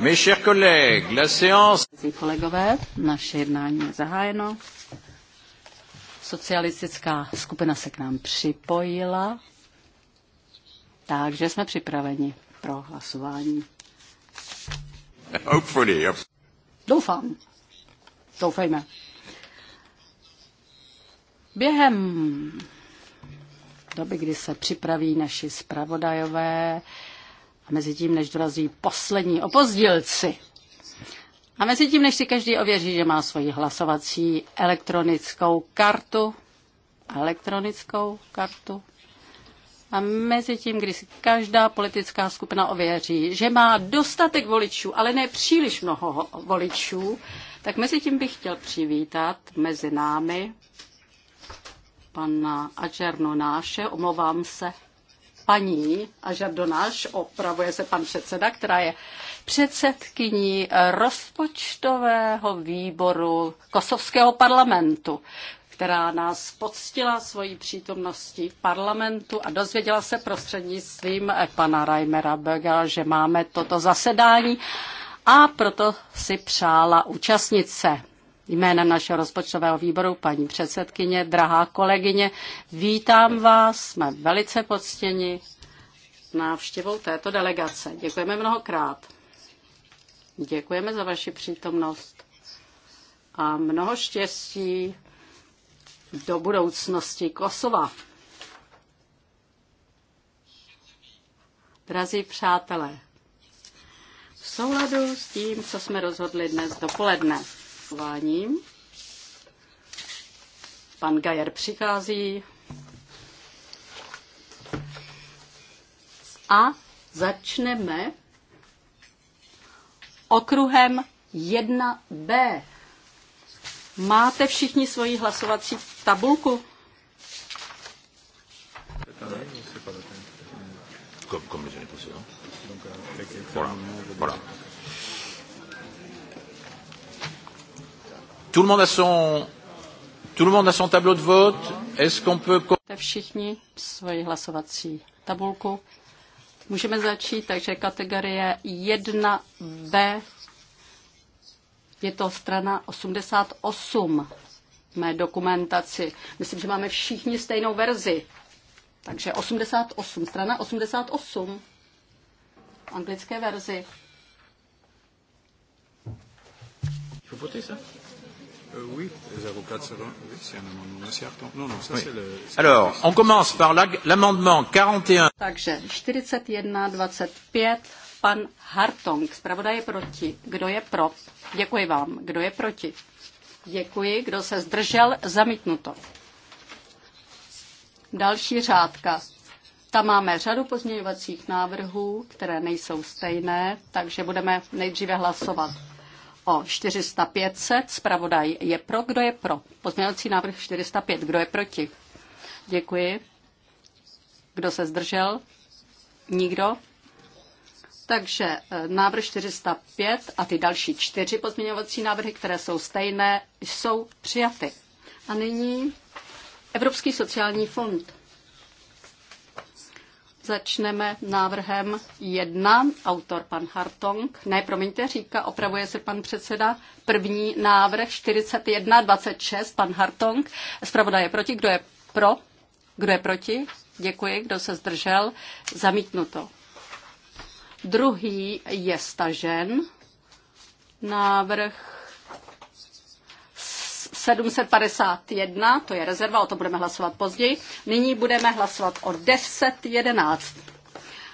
Mes la Kolegové, naše jednání je zahájeno. Socialistická skupina se k nám připojila, takže jsme připraveni pro hlasování. Doufám. Doufejme. Během doby, kdy se připraví naši zpravodajové, a mezi tím, než dorazí poslední opozdilci, a mezi tím, než si každý ověří, že má svoji hlasovací elektronickou kartu, elektronickou kartu, a mezi tím, když si každá politická skupina ověří, že má dostatek voličů, ale ne příliš mnoho voličů, tak mezi tím bych chtěl přivítat mezi námi pana Ačerno Náše, omlouvám se paní Aža Donáš, opravuje se pan předseda, která je předsedkyní rozpočtového výboru Kosovského parlamentu která nás poctila svojí přítomností v parlamentu a dozvěděla se prostřednictvím pana Reimera Böga, že máme toto zasedání a proto si přála účastnit se jménem našeho rozpočtového výboru, paní předsedkyně, drahá kolegyně. Vítám vás, jsme velice poctěni návštěvou této delegace. Děkujeme mnohokrát. Děkujeme za vaši přítomnost a mnoho štěstí do budoucnosti Kosova. Drazí přátelé, v souladu s tím, co jsme rozhodli dnes dopoledne hlasování. Pan Gajer přichází. A začneme okruhem 1b. Máte všichni svoji hlasovací tabulku? Comme, comme les années précédentes. Voilà, voilà. Tout le monde a son, tout le monde a son tableau de vote. Est-ce qu'on peut... Všichni svoji hlasovací tabulku. Můžeme začít, takže kategorie 1B je to strana 88 mé dokumentaci. Myslím, že máme všichni stejnou verzi. Takže 88, strana 88 anglické verzi. Faut voter ça Euh, oui, les avocats de Salon, oui, c'est un amendement assez Non, non, ça oui. c'est le... Alors, on commence par l'amendement 41. Takže 41, 25, pan Hartong, zpravodaj je proti. Kdo je pro? Děkuji vám. Kdo je proti? Děkuji. Kdo se zdržel? Zamítnuto. Další řádka. Tam máme řadu pozměňovacích návrhů, které nejsou stejné, takže budeme nejdříve hlasovat o 400-500. Spravodaj je pro, kdo je pro. Pozměňovací návrh 405, kdo je proti. Děkuji. Kdo se zdržel? Nikdo. Takže eh, návrh 405 a ty další čtyři pozměňovací návrhy, které jsou stejné, jsou přijaty. A nyní Evropský sociální fond. Začneme návrhem jedna, autor pan Hartong. Ne, promiňte, říká, opravuje se pan předseda. První návrh 4126, pan Hartong. Zpravodaj je proti, kdo je pro, kdo je proti, děkuji, kdo se zdržel, zamítnuto. Druhý je stažen. Návrh 751, to je rezerva, o to budeme hlasovat později. Nyní budeme hlasovat o 1011.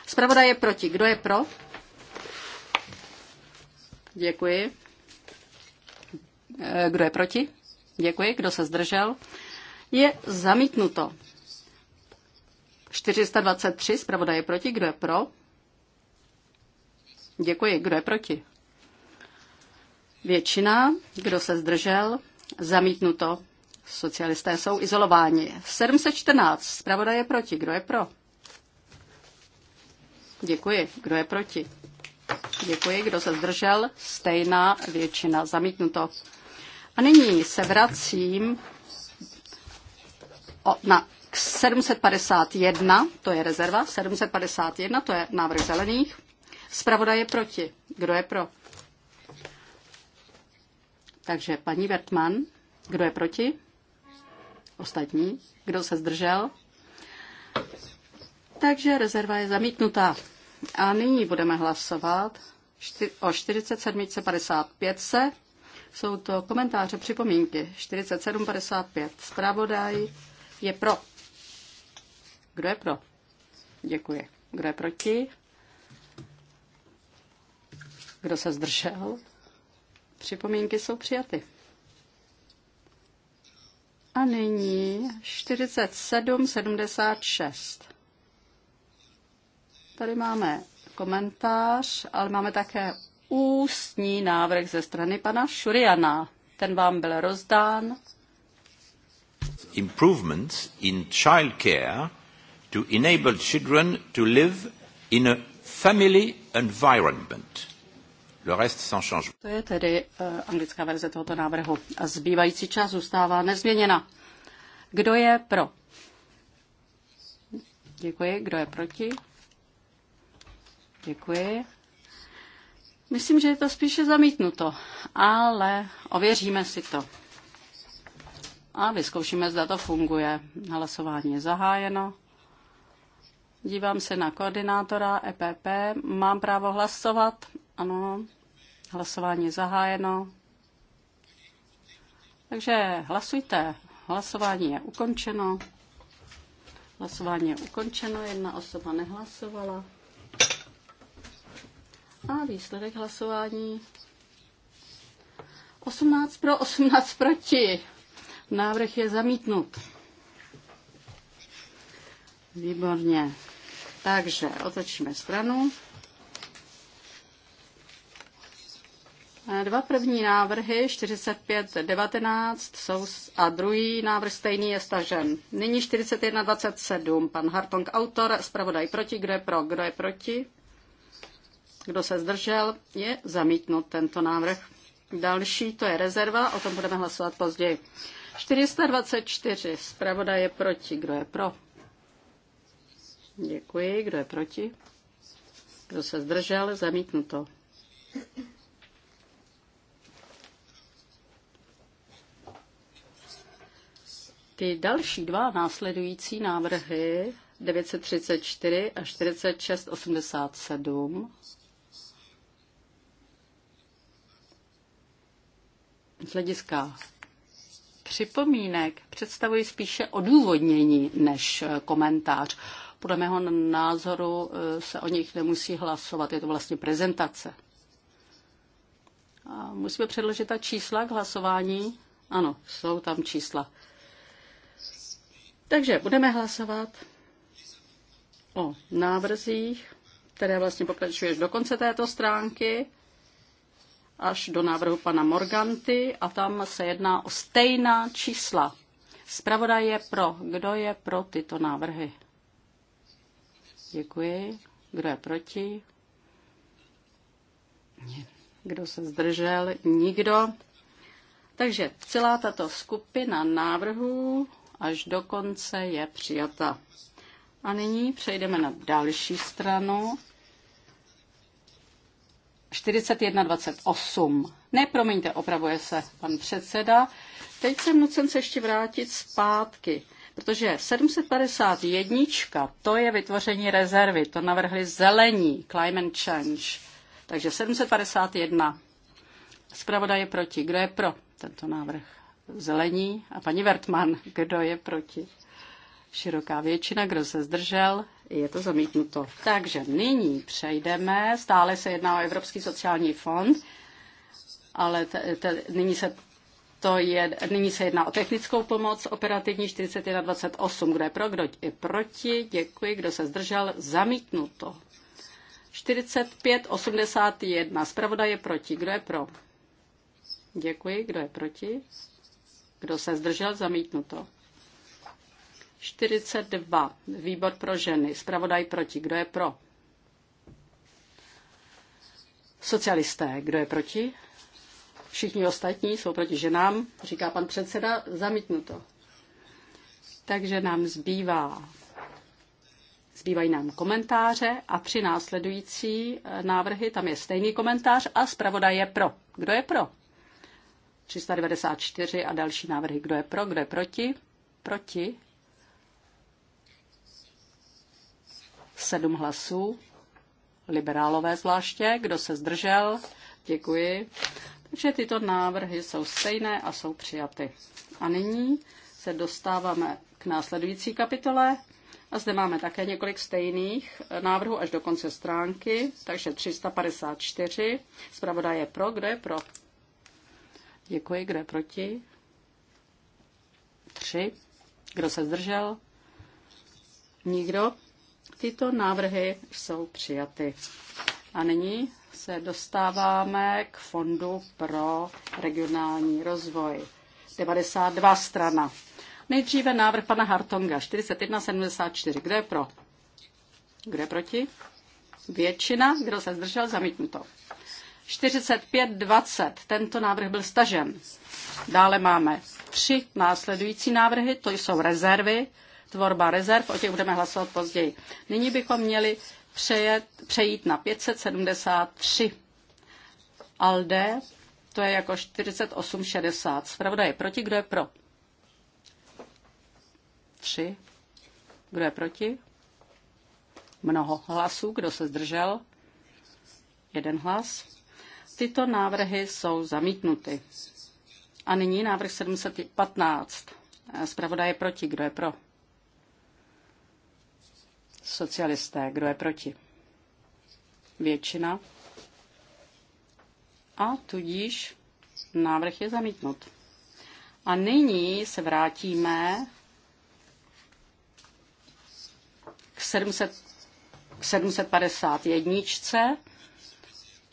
Zpravoda je proti. Kdo je pro? Děkuji. Eh, kdo je proti? Děkuji. Kdo se zdržel? Je zamítnuto. 423, zpravoda je proti. Kdo je pro? Děkuji. Kdo je proti? Většina. Kdo se zdržel? Zamítnuto. Socialisté jsou izolováni. 714. Zpravodaj je proti. Kdo je pro? Děkuji. Kdo je proti? Děkuji. Kdo se zdržel? Stejná většina. Zamítnuto. A nyní se vracím o, na 751, to je rezerva, 751, to je návrh zelených. Zpravodaj je proti. Kdo je pro? Takže paní Vertman, kdo je proti? Ostatní. Kdo se zdržel? Takže rezerva je zamítnutá. A nyní budeme hlasovat o 47.55. Jsou to komentáře, připomínky. 47.55. Zpravodaj je pro. Kdo je pro? Děkuji. Kdo je proti? Kdo se zdržel? Připomínky jsou přijaty. A nyní 4776. Tady máme komentář, ale máme také ústní návrh ze strany pana Šuriana. Ten vám byl rozdán. Improvements in child care to enable children to live in a family environment Le reste sans change. To je tedy uh, anglická verze tohoto návrhu. A zbývající část zůstává nezměněna. Kdo je pro? Děkuji. Kdo je proti? Děkuji. Myslím, že je to spíše zamítnuto, ale ověříme si to. A vyzkoušíme, zda to funguje. Hlasování je zahájeno. Dívám se na koordinátora EPP. Mám právo hlasovat? Ano. Hlasování je zahájeno. Takže hlasujte. Hlasování je ukončeno. Hlasování je ukončeno, jedna osoba nehlasovala. A výsledek hlasování 18 pro, 18 proti. Návrh je zamítnut. Výborně. Takže otočíme stranu. Eh, dva první návrhy, 45.19 jsou, a druhý návrh stejný je stažen. Nyní 41.27, pan Hartong autor, zpravodaj proti, kdo je pro, kdo je proti, kdo se zdržel, je zamítnut tento návrh. Další, to je rezerva, o tom budeme hlasovat později. 424, zpravodaj je proti, kdo je pro. Děkuji, kdo je proti, kdo se zdržel, zamítnuto. Ty další dva následující návrhy 934 a 4687 z hlediska připomínek představují spíše odůvodnění než komentář. Podle mého názoru eh, se o nich nemusí hlasovat, je to vlastně prezentace. A musíme předložit ta čísla k hlasování? Ano, jsou tam čísla. Takže budeme hlasovat o návrzích, které vlastně pokračuješ do konce této stránky až do návrhu pana Morganty a tam se jedná o stejná čísla. Zpravodaj je pro. Kdo je pro tyto návrhy? Děkuji. Kdo je proti? Kdo se zdržel? Nikdo. Takže celá tato skupina návrhů až do konce je přijata. A nyní přejdeme na další stranu. 41.28. Ne, promiňte, opravuje se pan předseda. Teď jsem nucen se ještě vrátit zpátky, protože 751. to je vytvoření rezervy, to navrhli zelení, climate change. Takže 751. Zpravodaj je proti. Kdo je pro tento návrh? zelení a paní Vertman, kdo je proti. Široká většina, kdo se zdržel, je to zamítnuto. Takže nyní přejdeme, stále se jedná o Evropský sociální fond, ale te, te, nyní se to je, nyní se jedná o technickou pomoc, operativní 4128. Kdo je pro, kdo je proti, děkuji, kdo se zdržel, zamítnuto. 4581. Zpravodaj je proti. Kdo je pro? Děkuji. Kdo je proti? Kdo se zdržel? Zamítnuto. 42. Výbor pro ženy. Spravodaj proti. Kdo je pro? Socialisté. Kdo je proti? Všichni ostatní jsou proti ženám, říká pan předseda. Zamítnuto. Takže nám zbývá Zbývají nám komentáře a při následující eh, návrhy tam je stejný komentář a zpravodaj je pro. Kdo je pro? 394 a další návrhy. Kdo je pro, kdo je proti? Proti. Sedm hlasů. Liberálové zvláště. Kdo se zdržel? Děkuji. Takže tyto návrhy jsou stejné a jsou přijaty. A nyní se dostáváme k následující kapitole. A zde máme také několik stejných návrhů až do konce stránky, takže 354. Zpravodaj je pro, kdo je pro? Děkuji. Kdo je proti? Tři. Kdo se zdržel? Nikdo. Tyto návrhy jsou přijaty. A nyní se dostáváme k Fondu pro regionální rozvoj. 92 strana. Nejdříve návrh pana Hartonga 4174. Kdo je pro? Kdo je proti? Většina. Kdo se zdržel? Zamítnuto. 4520. Tento návrh byl stažen. Dále máme tři následující návrhy, to jsou rezervy, tvorba rezerv, o těch budeme hlasovat později. Nyní bychom měli přejet, přejít na 573. ALDE, to je jako 4860. Spravda je proti, kdo je pro? 3. Kdo je proti? Mnoho hlasů, kdo se zdržel? Jeden hlas. Tyto návrhy jsou zamítnuty. A nyní návrh 715. Zpravodaj je proti. Kdo je pro? Socialisté. Kdo je proti? Většina. A tudíž návrh je zamítnut. A nyní se vrátíme k, 700, k 751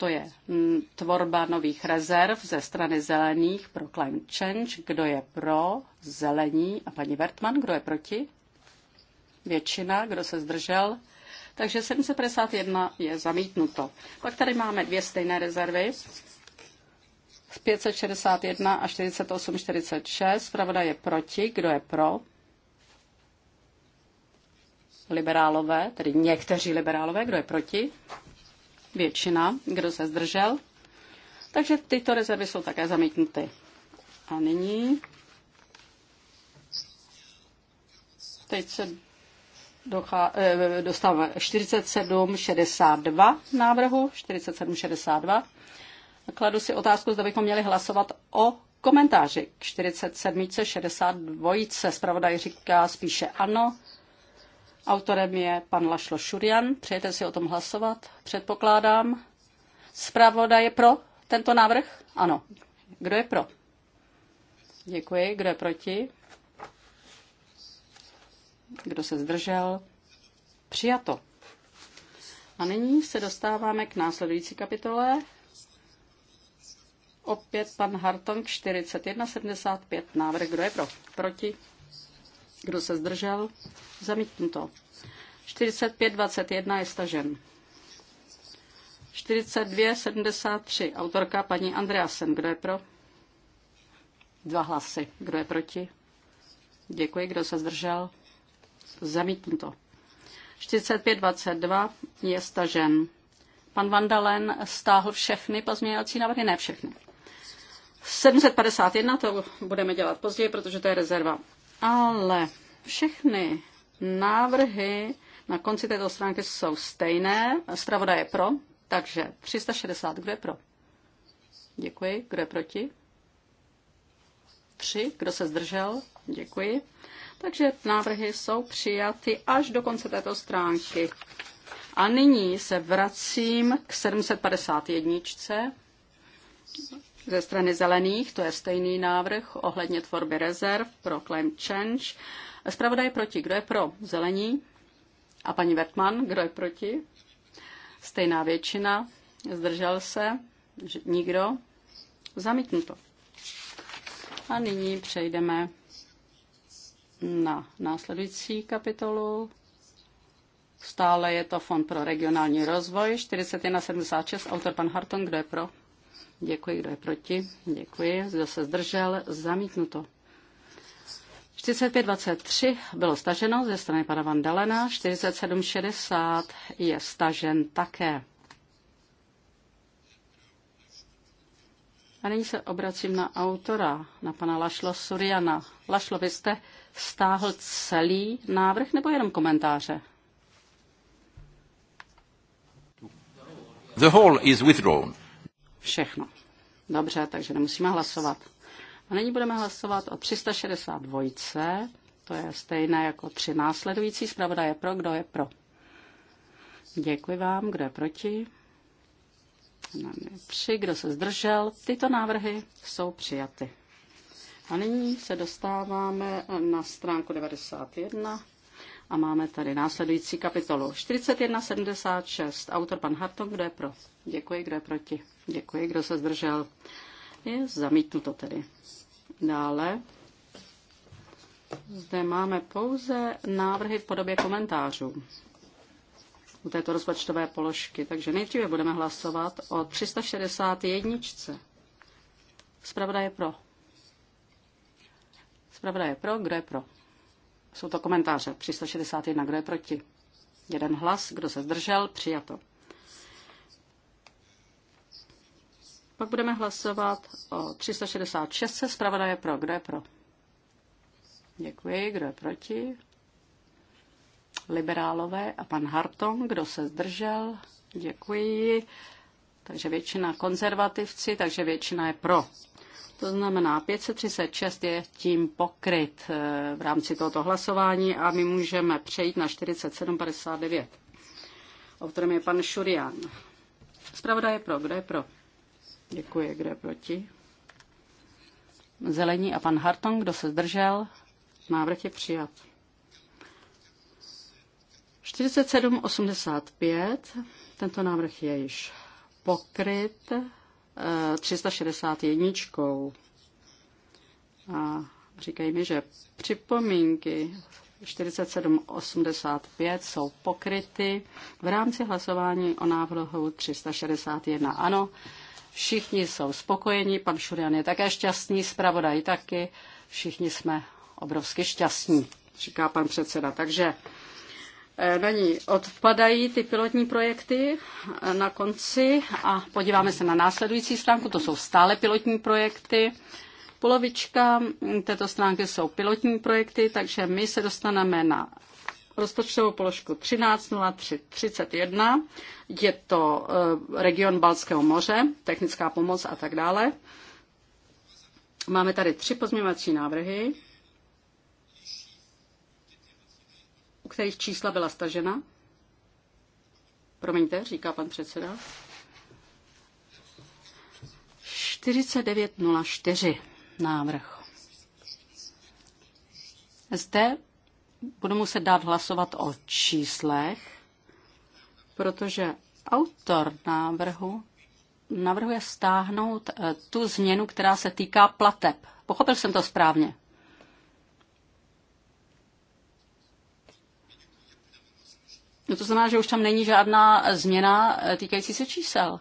to je mm, tvorba nových rezerv ze strany zelených pro climate change. Kdo je pro? Zelení. A paní Bertman, kdo je proti? Většina. Kdo se zdržel? Takže 751 je zamítnuto. Pak tady máme dvě stejné rezervy. 561 a 48, 46. Pravda je proti. Kdo je pro? Liberálové, tedy někteří liberálové. Kdo je proti? většina, kdo se zdržel. Takže tyto rezervy jsou také zamítnuty. A nyní teď se dochá, eh, dostáváme 47,62 návrhu, 47,62. Kladu si otázku, zda bychom měli hlasovat o komentáři k 47,62. Spravodaj říká spíše ano, Autorem je pan Lašlo Šurian. Přejete si o tom hlasovat? Předpokládám. Zpravodaj je pro tento návrh? Ano. Kdo je pro? Děkuji. Kdo je proti? Kdo se zdržel? Přijato. A nyní se dostáváme k následující kapitole. Opět pan Hartong 4175 návrh. Kdo je pro? Proti? Kdo se zdržel? Zamítnuto. 45.21 je stažen. 42.73. Autorka paní Andreasen. Kdo je pro? Dva hlasy. Kdo je proti? Děkuji. Kdo se zdržel? Zamítnuto. 45.22 je stažen. Pan Vandalen stáhl všechny pozměňovací návrhy, ne všechny. 751 to budeme dělat později, protože to je rezerva. Ale všechny návrhy na konci této stránky jsou stejné. Stravoda je pro, takže 360, kdo je pro? Děkuji. Kdo je proti? Tři. Kdo se zdržel? Děkuji. Takže návrhy jsou přijaty až do konce této stránky. A nyní se vracím k 751 ze strany zelených, to je stejný návrh ohledně tvorby rezerv pro climate change. Zpravodaj proti, kdo je pro? Zelení. A paní Vertman, kdo je proti? Stejná většina. Zdržel se? Nikdo. Zamítnuto. A nyní přejdeme na následující kapitolu. Stále je to Fond pro regionální rozvoj 4176, autor pan Harton, kdo je pro? Děkuji, kdo je proti. Děkuji, kdo se zdržel. Zamítnuto. 4523 bylo staženo ze strany pana Vandalena, 4760 je stažen také. A nyní se obracím na autora, na pana Lašlo Suriana. Lašlo, vy jste stáhl celý návrh nebo jenom komentáře? The whole is withdrawn. Všechno. Dobře, takže nemusíme hlasovat. A nyní budeme hlasovat o 362. To je stejné jako tři následující. Zpravodaj je pro, kdo je pro. Děkuji vám, kdo je proti. Tři, kdo se zdržel. Tyto návrhy jsou přijaty. A nyní se dostáváme na stránku 91. A máme tady následující kapitolu. 4176. Autor pan Hartog, kdo je pro? Děkuji, kdo je proti? Děkuji, kdo se zdržel? Je zamítnuto tedy. Dále zde máme pouze návrhy v podobě komentářů u této rozpočtové položky. Takže nejdříve budeme hlasovat o 361. Zpravda je pro. Zpravda je pro. Kdo je pro? Jsou to komentáře. 361, kdo je proti? Jeden hlas, kdo se zdržel, přijato. Pak budeme hlasovat o 366. Zpravodaj je pro. Kdo je pro? Děkuji. Kdo je proti? Liberálové a pan Harton. Kdo se zdržel? Děkuji. Takže většina konzervativci, takže většina je pro. To znamená, 536 je tím pokryt eh, v rámci tohoto hlasování a my můžeme přejít na 4759, o kterém je pan Šurian. Zpravodaj je pro. Kdo je pro? Děkuji. Kdo je proti? Zelení a pan Harton. Kdo se zdržel? Návrh je přijat. 4785. Tento návrh je již pokryt 361. A říkají mi, že připomínky 4785 jsou pokryty v rámci hlasování o návrhu 361. Ano, všichni jsou spokojeni, pan Šurian je také šťastný, zpravodaj taky, všichni jsme obrovsky šťastní, říká pan předseda. Takže Eh, na ní odpadají ty pilotní projekty eh, na konci a podíváme se na následující stránku, to jsou stále pilotní projekty. Polovička hm, této stránky jsou pilotní projekty, takže my se dostaneme na rozpočtovou položku 130331. Je to eh, region Balského moře, technická pomoc a tak dále. Máme tady tři pozměňovací návrhy. kterých čísla byla stažena. Promiňte, říká pan předseda. 4904 návrh. Zde budu muset dát hlasovat o číslech, protože autor návrhu navrhuje stáhnout eh, tu změnu, která se týká plateb. Pochopil jsem to správně? No to znamená, že už tam není žádná změna eh, týkající se čísel.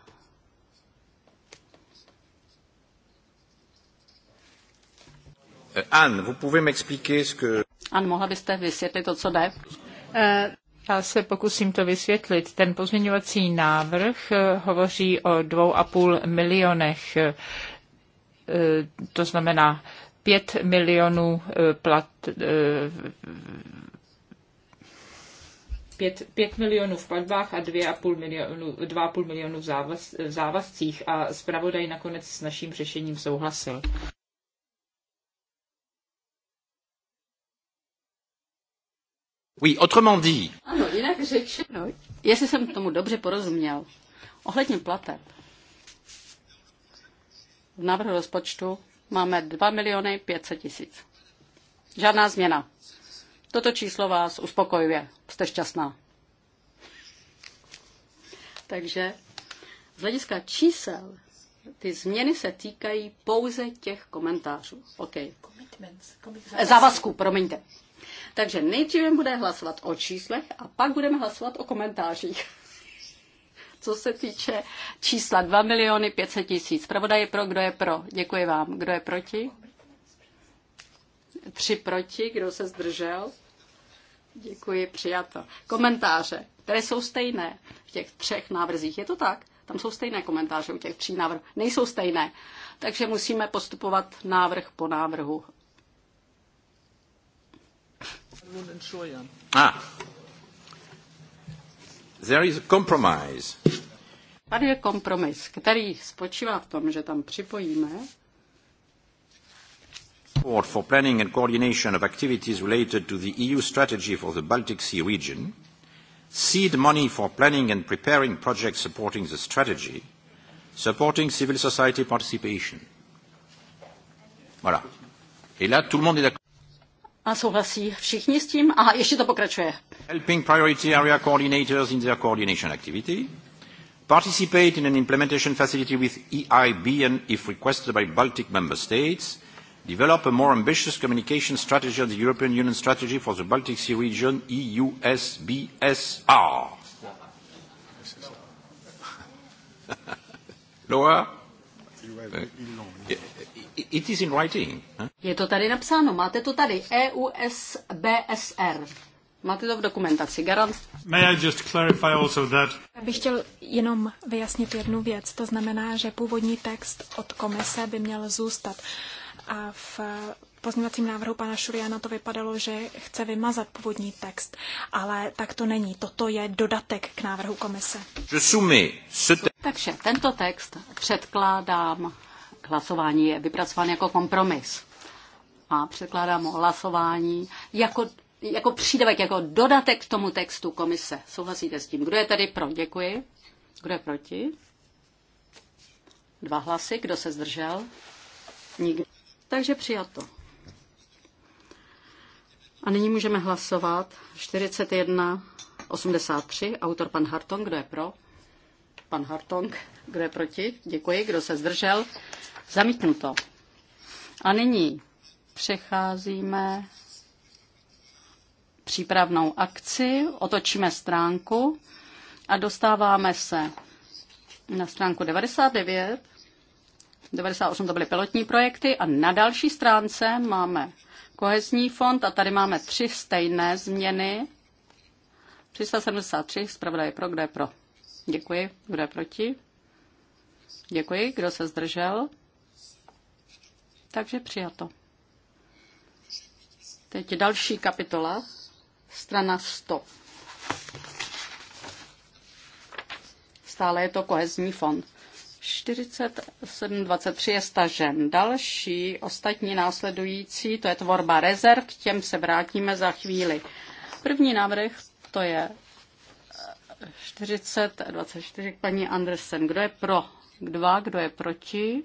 Eh, Anne, vous pouvez m'expliquer ce que... Anne, mohla byste vysvětlit to, co jde? Eh, já se pokusím to vysvětlit. Ten pozměňovací návrh hovoří o 2,5 milionech, to znamená 5 milionů plat 5, 5 milionů v platbách a 2,5 milionu, 2,5 milionů v, závaz, v závazcích a zpravodaj nakonec s naším řešením souhlasil. Oui, autrement dit. Ano, jinak řečeno, jestli jsem tomu dobře porozuměl, ohledně plateb, v návrhu rozpočtu máme 2 miliony 500 tisíc. Žádná změna. Toto číslo vás uspokojuje. Jste šťastná. Takže z hlediska čísel ty změny se týkají pouze těch komentářů. OK. Závazků, promiňte. Takže nejdříve budeme hlasovat o číslech a pak budeme hlasovat o komentářích. Co se týče čísla 2 miliony 500 tisíc. Pravodaj je pro, kdo je pro. Děkuji vám. Kdo je proti? Tři proti, kdo se zdržel? Děkuji, přijato. Komentáře, které jsou stejné v těch třech návrzích, je to tak? Tam jsou stejné komentáře u těch tří návrhů. Nejsou stejné. Takže musíme postupovat návrh po návrhu. Ah. There is a compromise. Tady je kompromis, který spočívá v tom, že tam připojíme support for planning and coordination of activities related to the EU strategy for the Baltic Sea region, seed money for planning and preparing projects supporting the strategy, supporting civil society participation. Voilà. Et là, tout le monde est A souhlasí všichni s tím? Aha, ještě to pokračuje. Helping priority area coordinators in their coordination activity. Participate in an implementation facility with EIB and if requested by Baltic member states – develop a more ambitious communication strategy of the European Union strategy for the Baltic Sea region, EUSBSR. Loa? It is in writing. Je to tady napsáno, máte to tady, EUSBSR. Máte to v dokumentaci, garant. May I just clarify also that... Já bych chtěl jenom vyjasnit jednu věc. To znamená, že původní text od komise by měl zůstat. A v pozměňovacím návrhu pana Šuriana to vypadalo, že chce vymazat původní text, ale tak to není. Toto je dodatek k návrhu komise. Takže tento text předkládám k hlasování, je vypracován jako kompromis. A předkládám hlasování jako jako přídavek, jako dodatek k tomu textu komise. Souhlasíte s tím? Kdo je tady pro? Děkuji. Kdo je proti? Dva hlasy. Kdo se zdržel? Nikdo. Takže přijato. A nyní můžeme hlasovat 41, 83, autor pan Hartong, kdo je pro? Pan Hartong, kdo je proti? Děkuji, kdo se zdržel? Zamítnuto. A nyní přecházíme přípravnou akci, otočíme stránku a dostáváme se na stránku 99 98 to byly pilotní projekty a na další stránce máme kohezní fond a tady máme tři stejné změny. 373, zpravda je pro, kdo je pro. Děkuji, kdo je proti. Děkuji, kdo se zdržel. Takže přijato. Teď další kapitola, strana 100. Stále je to kohezní fond. 47.23 je stažen. Další, ostatní následující, to je tvorba rezerv, k těm se vrátíme za chvíli. První návrh, to je 40.24 eh, paní Andersen. Kdo je pro? Dva, kdo je proti?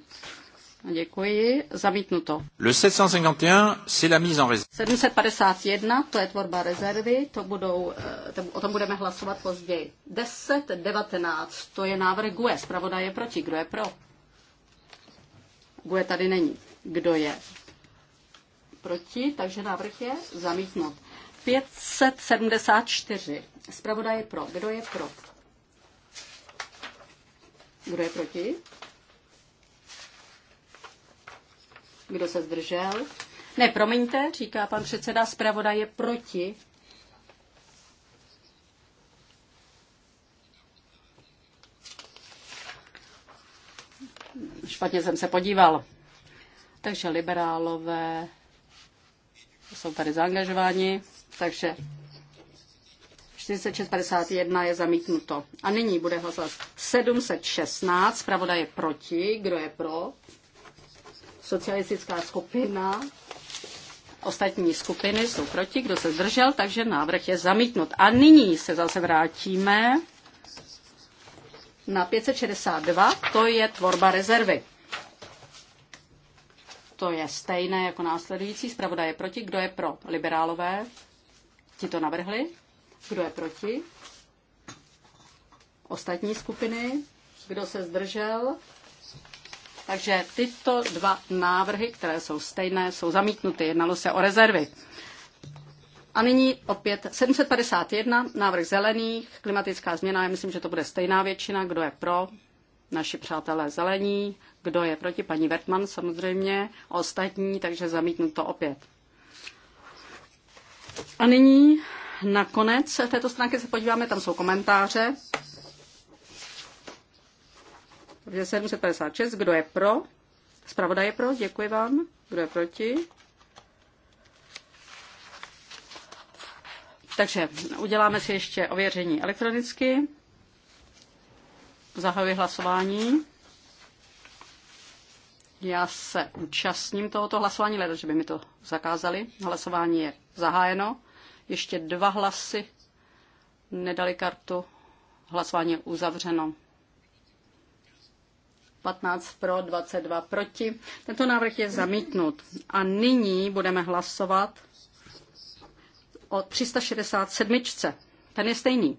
Děkuji. Zamítnuto. Le 751, c'est la mise en réserve. 751, to je tvorba rezervy, to budou, eh, to, o tom budeme hlasovat později. 10, 19, to je návrh GUE, zpravodaj je proti, kdo je pro? GUE tady není. Kdo je proti, takže návrh je zamítnut. 574, zpravodaj je pro, kdo je pro? Kdo je proti? Kdo se zdržel? Ne, promiňte, říká pan předseda, zpravoda je proti. Špatně jsem se podíval. Takže liberálové jsou tady zaangažováni, takže 4651 je zamítnuto. A nyní bude hlasovat 716, zpravoda je proti, kdo je pro? socialistická skupina, ostatní skupiny jsou proti, kdo se zdržel, takže návrh je zamítnut. A nyní se zase vrátíme na 562, to je tvorba rezervy. To je stejné jako následující. Zpravoda je proti. Kdo je pro? Liberálové. Ti to navrhli. Kdo je proti? Ostatní skupiny. Kdo se zdržel? Takže tyto dva návrhy, které jsou stejné, jsou zamítnuty. Jednalo se o rezervy. A nyní opět 751, návrh zelených, klimatická změna. Já myslím, že to bude stejná většina. Kdo je pro? Naši přátelé zelení. Kdo je proti? Paní Vertman samozřejmě. Ostatní, takže zamítnu to opět. A nyní nakonec této stránky se podíváme, tam jsou komentáře. Takže 756, kdo je pro? Zpravodaj je pro, děkuji vám. Kdo je proti? Takže uděláme si ještě ověření elektronicky. Zahajuji hlasování. Já se účastním tohoto hlasování, ale že by mi to zakázali. Hlasování je zahájeno. Ještě dva hlasy nedali kartu. Hlasování je uzavřeno. 15 pro, 22 proti. Tento návrh je zamítnut. A nyní budeme hlasovat o 367. Ten je stejný.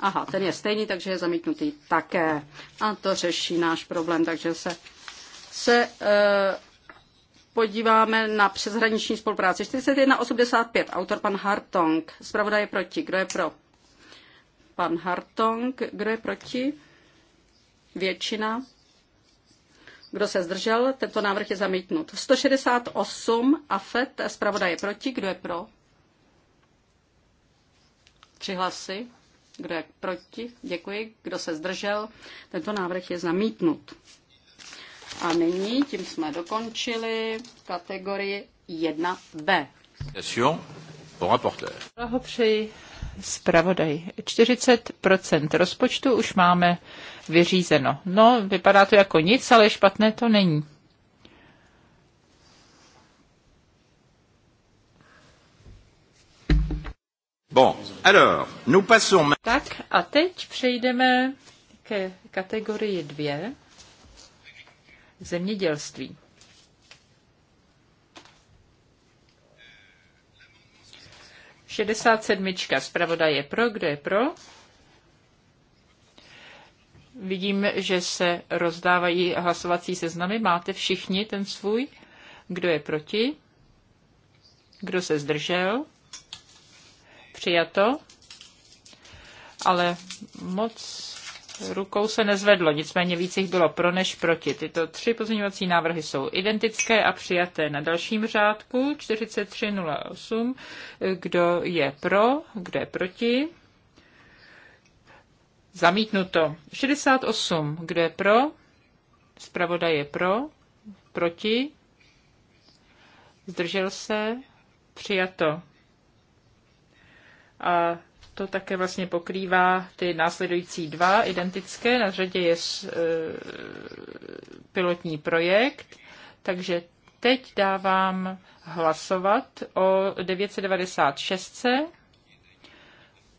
Aha, ten je stejný, takže je zamítnutý také. A to řeší náš problém, takže se, se e, podíváme na přeshraniční spolupráci. 41.85, autor pan Hartong. Zpravodaj je proti. Kdo je pro? Pan Hartong, kdo je proti? většina. Kdo se zdržel, tento návrh je zamítnut. 168 AFET, zpravodaj je proti, kdo je pro? Tři hlasy. Kdo je proti? Děkuji. Kdo se zdržel? Tento návrh je zamítnut. A nyní tím jsme dokončili kategorii 1b. Blahopřeji zpravodaj. 40% rozpočtu už máme vyřízeno. No, vypadá to jako nic, ale špatné to není. Bon, alors, nous passons... Tak a teď přejdeme ke kategorii 2 zemědělství. 67. Zpravodaj je pro. Kdo je pro? Vidím, že se rozdávají hlasovací seznamy. Máte všichni ten svůj? Kdo je proti? Kdo se zdržel? Přijato. Ale moc rukou se nezvedlo, nicméně víc jich bylo pro než proti. Tyto tři pozměňovací návrhy jsou identické a přijaté na dalším řádku 4308. Kdo je pro, kdo je proti? Zamítnuto. 68. Kdo je pro? Zpravodaj je pro. Proti? Zdržel se? Přijato. A to také vlastně pokrývá ty následující dva identické. Na řadě je e, pilotní projekt, takže teď dávám hlasovat o 996,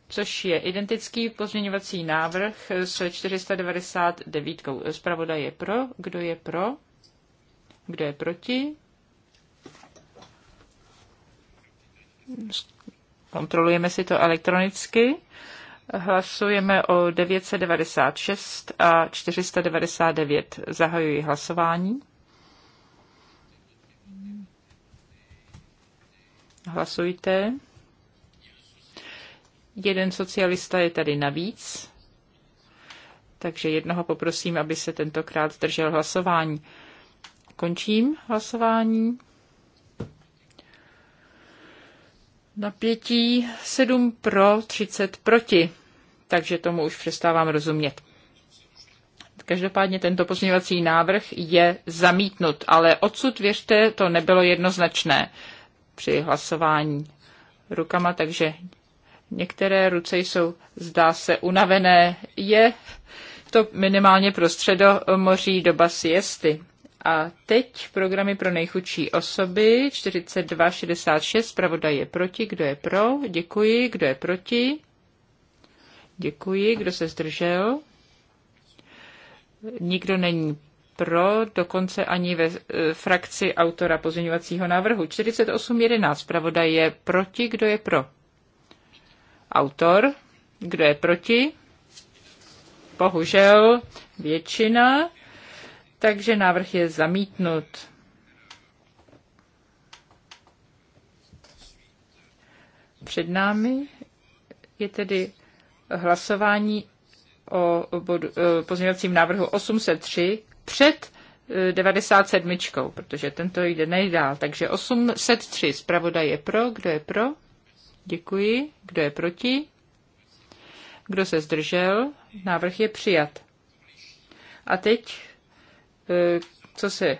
což je identický pozměňovací návrh s 499. Zpravoda je pro. Kdo je pro? Kdo je proti? Kontrolujeme si to elektronicky. Hlasujeme o 996 a 499. Zahajuji hlasování. Hlasujte. Jeden socialista je tady navíc, takže jednoho poprosím, aby se tentokrát držel hlasování. Končím hlasování. Napětí 7 pro, 30 proti. Takže tomu už přestávám rozumět. Každopádně tento pozměňovací návrh je zamítnut, ale odsud, věřte, to nebylo jednoznačné při hlasování rukama, takže některé ruce jsou, zdá se, unavené. Je to minimálně pro středomoří do siesty. A teď programy pro nejchudší osoby 4266, pravoda je proti, kdo je pro, děkuji, kdo je proti, děkuji, kdo se zdržel. Nikdo není pro, dokonce ani ve e, frakci autora pozměňovacího návrhu. 4811, pravoda je proti, kdo je pro. Autor, kdo je proti? Bohužel většina takže návrh je zamítnut. Před námi je tedy hlasování o bodu, eh, pozměňovacím návrhu 803 před 97, eh, protože tento jde nejdál. Takže 803 zpravodaj je pro. Kdo je pro? Děkuji. Kdo je proti? Kdo se zdržel? Návrh je přijat. A teď E, co se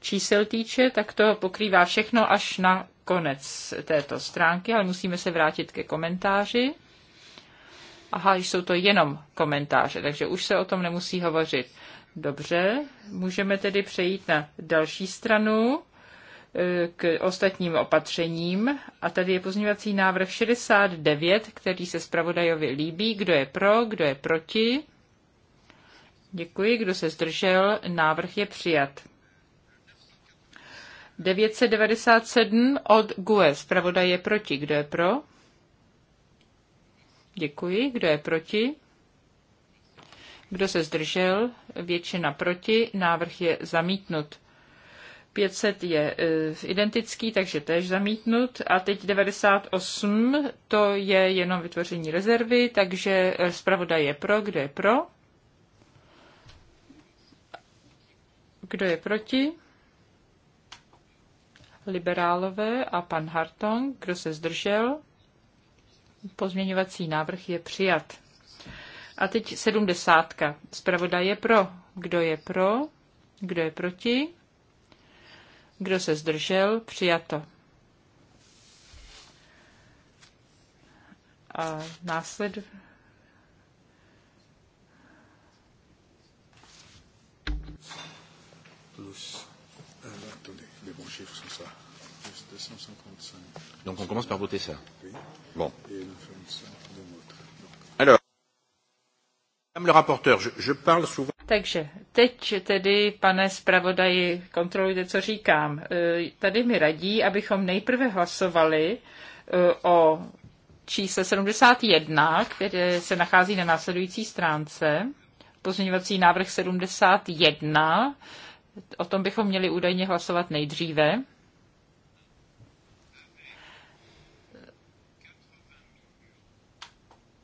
čísel týče, tak to pokrývá všechno až na konec této stránky, ale musíme se vrátit ke komentáři. Aha, jsou to jenom komentáře, takže už se o tom nemusí hovořit. Dobře, můžeme tedy přejít na další stranu e, k ostatním opatřením. A tady je pozměňovací návrh 69, který se zpravodajovi líbí. Kdo je pro, kdo je proti? Děkuji, kdo se zdržel. Návrh je přijat. 997 od GUE. Zpravodaj je proti. Kdo je pro? Děkuji. Kdo je proti? Kdo se zdržel? Většina proti. Návrh je zamítnut. 500 je e, identický, takže tež zamítnut. A teď 98, to je jenom vytvoření rezervy, takže e, zpravodaj je pro. Kdo je pro? Kdo je proti? Liberálové a pan Hartong. Kdo se zdržel? Pozměňovací návrh je přijat. A teď sedmdesátka. Zpravodaj je pro. Kdo je pro? Kdo je proti? Kdo se zdržel? Přijato. A následuje tous. Alors, euh, attendez, les bons chiffres sont ça. 255. Donc on commence par voter ça. Oui. Bon. Et on fait une sorte de vote. Alors, Madame le rapporteur, je, je parle souvent. Takže teď tedy, pane zpravodaji, kontrolujte, co říkám. Eh, tady mi radí, abychom nejprve hlasovali eh, o čísle 71, které se nachází na následující stránce. Pozměňovací návrh 71 O tom bychom měli údajně hlasovat nejdříve.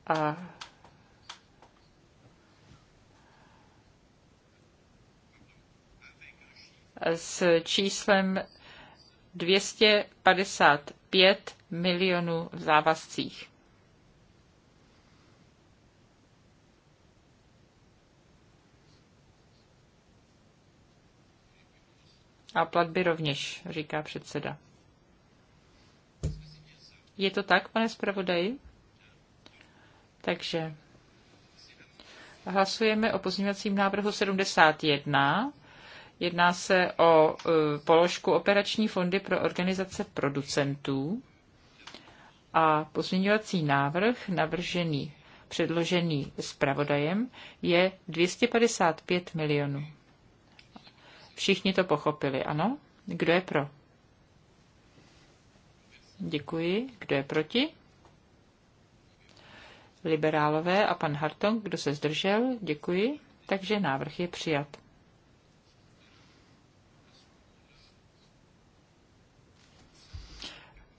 A s číslem 255 milionů v závazcích. A platby rovněž, říká předseda. Je to tak, pane zpravodaji? Takže hlasujeme o pozměňovacím návrhu 71. Jedná se o e, položku operační fondy pro organizace producentů a pozměňovací návrh navržený, předložený zpravodajem je 255 milionů. Všichni to pochopili, ano? Kdo je pro? Děkuji. Kdo je proti? Liberálové a pan Hartong, kdo se zdržel? Děkuji. Takže návrh je přijat.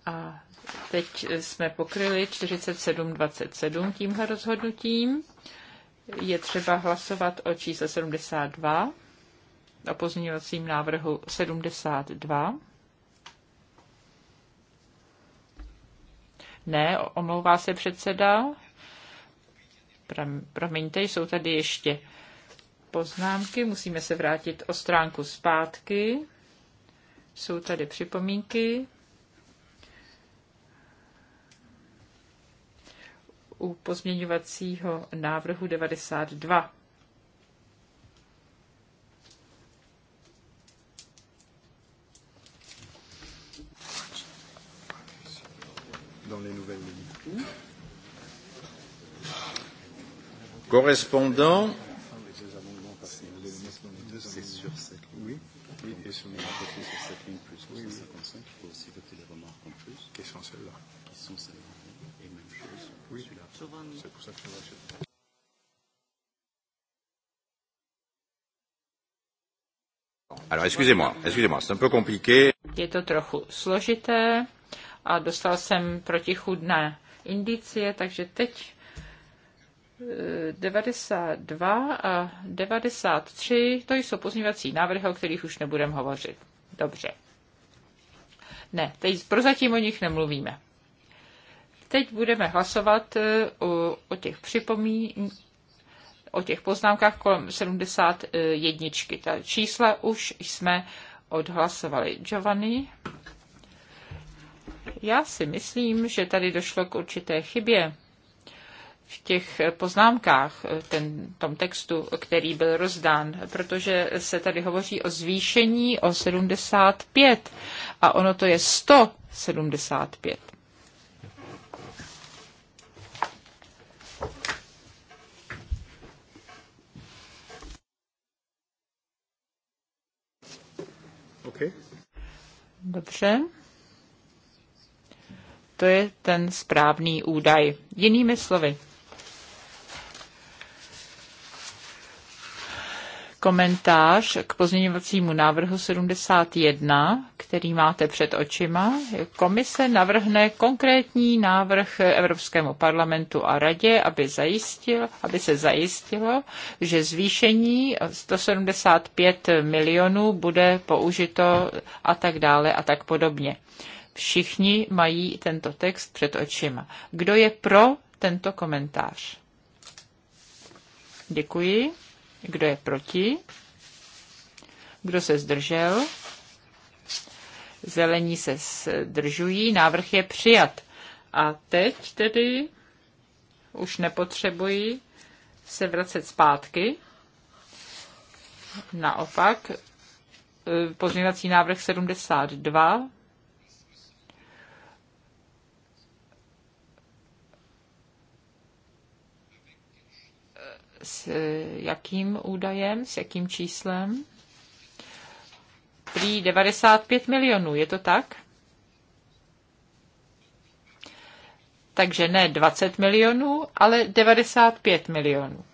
A teď jsme pokryli 47,27 tímhle rozhodnutím. Je třeba hlasovat o čísle 72 o pozměňovacím návrhu 72. Ne, omlouvá se předseda. Promiňte, jsou tady ještě poznámky. Musíme se vrátit o stránku zpátky. Jsou tady připomínky. U pozměňovacího návrhu 92. dans les nouvelles lignes. Hmm? Correspondant. C'est sur cette ligne. Oui. Oui, et si on est rapporté sur cette ligne plus 155, il faut aussi voter les remarques en plus. Qui sont celles-là Qui sont celles-là. Et même chose. Oui, c'est pour ça que je Alors, excusez-moi, excusez-moi, c'est un peu compliqué. Je to trochu složité a dostal jsem protichudné indicie, takže teď 92 eh, a 93, to jsou pozměňovací návrhy, o kterých už nebudeme hovořit. Dobře. Ne, teď prozatím o nich nemluvíme. Teď budeme hlasovat eh, o, o těch připomí, o těch poznámkách kolem 71. Eh, Ta čísla už jsme odhlasovali. Giovanni? Já si myslím, že tady došlo k určité chybě v těch poznámkách, ten, tom textu, který byl rozdán, protože se tady hovoří o zvýšení o 75 a ono to je 175. Okay. Dobře. To je ten správný údaj. Jinými slovy, komentář k pozměňovacímu návrhu 71, který máte před očima. Komise navrhne konkrétní návrh Evropskému parlamentu a radě, aby, zajistil, aby se zajistilo, že zvýšení 175 milionů bude použito a tak dále a tak podobně. Všichni mají tento text před očima. Kdo je pro tento komentář? Děkuji. Kdo je proti? Kdo se zdržel? Zelení se zdržují, návrh je přijat. A teď tedy už nepotřebuji se vracet zpátky. Naopak, e, pozměňovací návrh 72 s jakým údajem, s jakým číslem? Prý 95 milionů, je to tak? Takže ne 20 milionů, ale 95 milionů.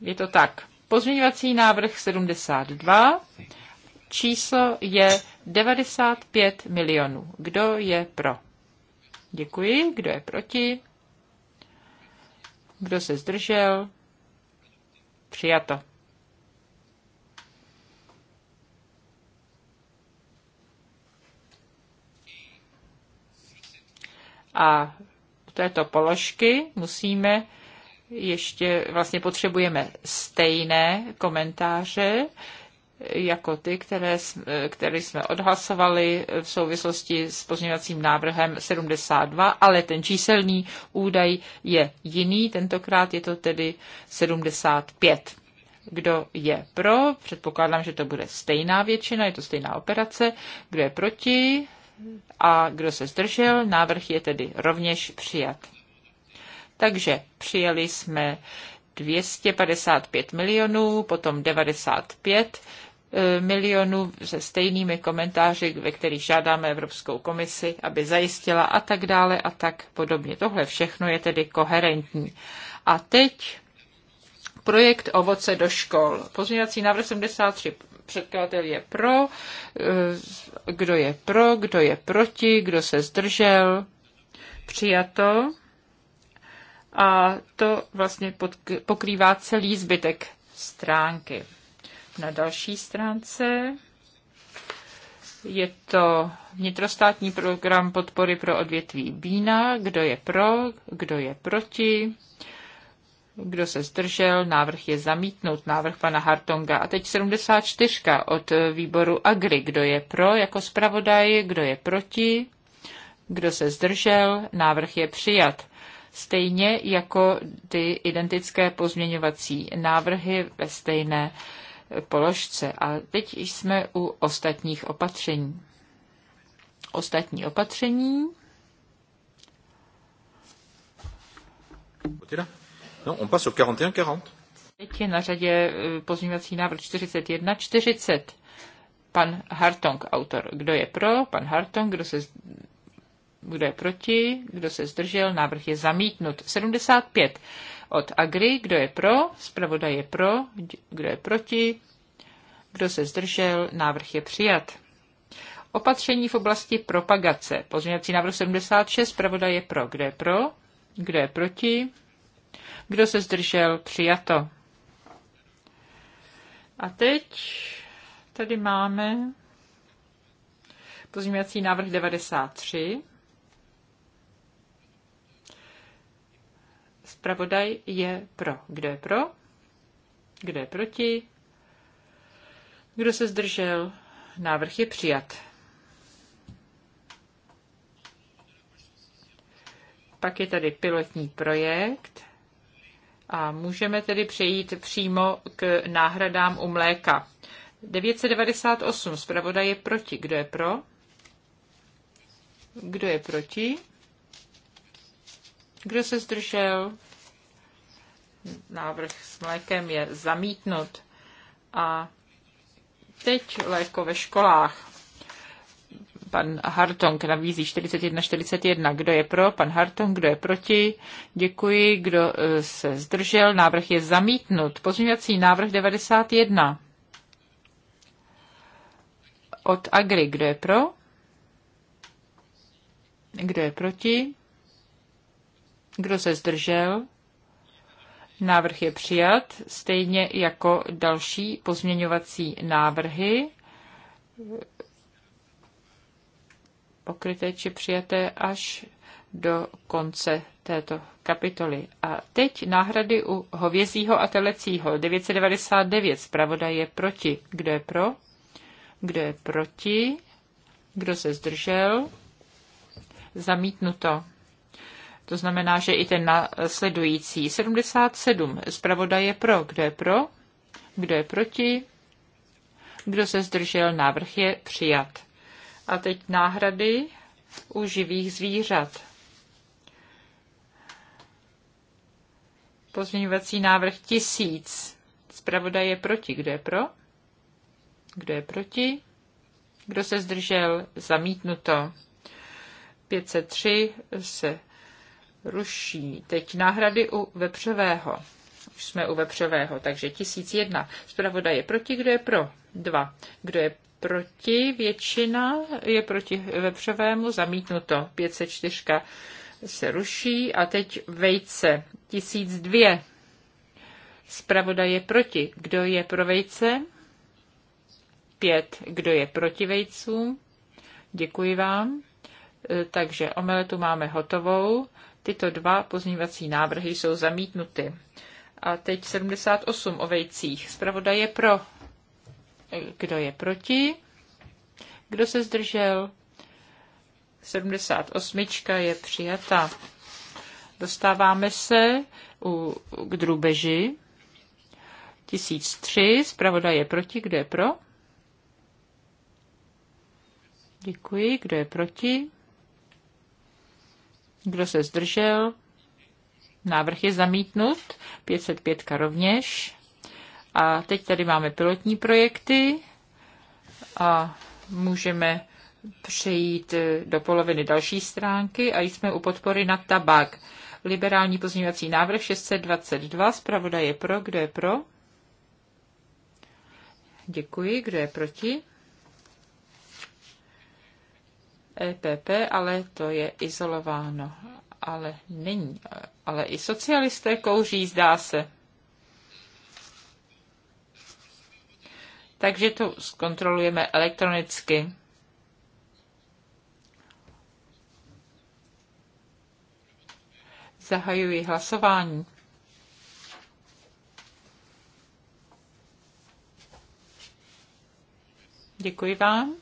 Je to tak. Pozměňovací návrh 72. Číslo je 95 milionů. Kdo je pro? Děkuji. Kdo je proti? Kdo se zdržel? Přijato. A u této položky musíme ještě, vlastně potřebujeme stejné komentáře, jako ty, které, které jsme odhlasovali v souvislosti s pozměňovacím návrhem 72, ale ten číselný údaj je jiný, tentokrát je to tedy 75. Kdo je pro? Předpokládám, že to bude stejná většina, je to stejná operace. Kdo je proti? A kdo se zdržel? Návrh je tedy rovněž přijat. Takže přijeli jsme 255 milionů, potom 95 Eh, milionů se stejnými komentáři, ve kterých žádáme Evropskou komisi, aby zajistila a tak dále a tak podobně. Tohle všechno je tedy koherentní. A teď projekt Ovoce do škol. Pozměňovací návrh 73 předkladatel je pro, eh, kdo je pro, kdo je proti, kdo se zdržel. Přijato. A to vlastně pokrývá celý zbytek stránky na další stránce. Je to vnitrostátní program podpory pro odvětví vína. Kdo je pro, kdo je proti, kdo se zdržel. Návrh je zamítnut, návrh pana Hartonga. A teď 74 od výboru Agri. Kdo je pro jako zpravodaj, kdo je proti, kdo se zdržel. Návrh je přijat stejně jako ty identické pozměňovací návrhy ve stejné položce. A teď jsme u ostatních opatření. Ostatní opatření. No, on passe au 41-40. Teď je na řadě e, pozměňovací návrh 41-40. Pan Hartong, autor. Kdo je pro? Pan Hartong. Kdo, se, kdo je proti? Kdo se zdržel? Návrh je zamítnut. 75 od Agri. Kdo je pro? Zpravodaj je pro. Kdo je proti? Kdo se zdržel? Návrh je přijat. Opatření v oblasti propagace. Pozměňovací návrh 76. Zpravodaj je pro. Kdo je pro? Kdo je proti? Kdo se zdržel? Přijato. A teď tady máme pozměňovací návrh 93. Spravodaj je pro. Kdo je pro? Kdo je proti? Kdo se zdržel? Návrh je přijat. Pak je tady pilotní projekt a můžeme tedy přejít přímo k náhradám u mléka. 998. Zpravodaj je proti. Kdo je pro? Kdo je proti? Kdo se zdržel? Návrh s mlékem je zamítnut. A teď léko ve školách. Pan Hartong nabízí 41-41. Kdo je pro? Pan Hartong, kdo je proti? Děkuji. Kdo e, se zdržel? Návrh je zamítnut. Pozměňovací návrh 91. Od Agri, kdo je pro? Kdo je proti? Kdo se zdržel? Návrh je přijat, stejně jako další pozměňovací návrhy pokryté či přijaté až do konce této kapitoly. A teď náhrady u hovězího a telecího. 999. Zpravodaj je proti. Kdo je pro? Kdo je proti? Kdo se zdržel? Zamítnuto. To znamená, že i ten následující 77. Zpravodaj je pro. Kdo je pro? Kdo je proti? Kdo se zdržel? Návrh je přijat. A teď náhrady u živých zvířat. Pozměňovací návrh tisíc. Zpravodaj je proti. Kdo je pro? Kdo je proti? Kdo se zdržel? Zamítnuto. 503 se ruší. Teď náhrady u vepřového. Už jsme u vepřového, takže 1001. Zpravoda je proti, kdo je pro? Dva. Kdo je proti? Většina je proti vepřovému, zamítnuto. 504 se ruší a teď vejce 1002. Zpravoda je proti. Kdo je pro vejce? Pět. Kdo je proti vejcům? Děkuji vám. E, takže omeletu máme hotovou. Tyto dva pozměňovací návrhy jsou zamítnuty. A teď 78 o vejcích. Zpravodaj je pro. Kdo je proti? Kdo se zdržel? 78 je přijata. Dostáváme se u, k drubeži. 1003, zpravodaj je proti, kdo je pro? Děkuji, kdo je proti? Kdo se zdržel? Návrh je zamítnut. 505 rovněž. A teď tady máme pilotní projekty a můžeme přejít do poloviny další stránky a jsme u podpory na tabák. Liberální pozměňovací návrh 622, Zpravoda je pro, kdo je pro? Děkuji, kdo je proti? EPP, ale to je izolováno. Ale není. Ale i socialisté kouří, zdá se. Takže to zkontrolujeme elektronicky. Zahajuji hlasování. Děkuji vám.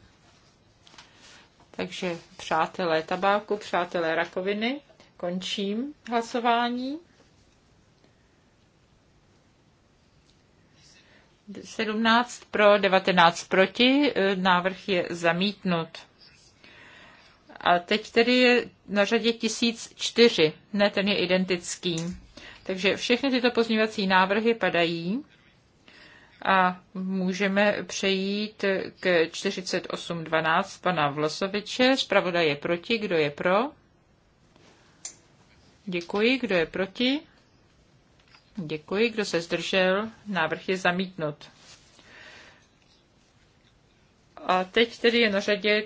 Takže přátelé tabáku, přátelé rakoviny, končím hlasování. 17 pro, 19 proti, eh, návrh je zamítnut. A teď tedy je na řadě 1004, ne, ten je identický. Takže všechny tyto pozměňovací návrhy padají a můžeme přejít k 48.12 pana Vlasoviče. Zpravodaj je proti, kdo je pro? Děkuji, kdo je proti? Děkuji, kdo se zdržel? Návrh je zamítnut. A teď tedy je na řadě,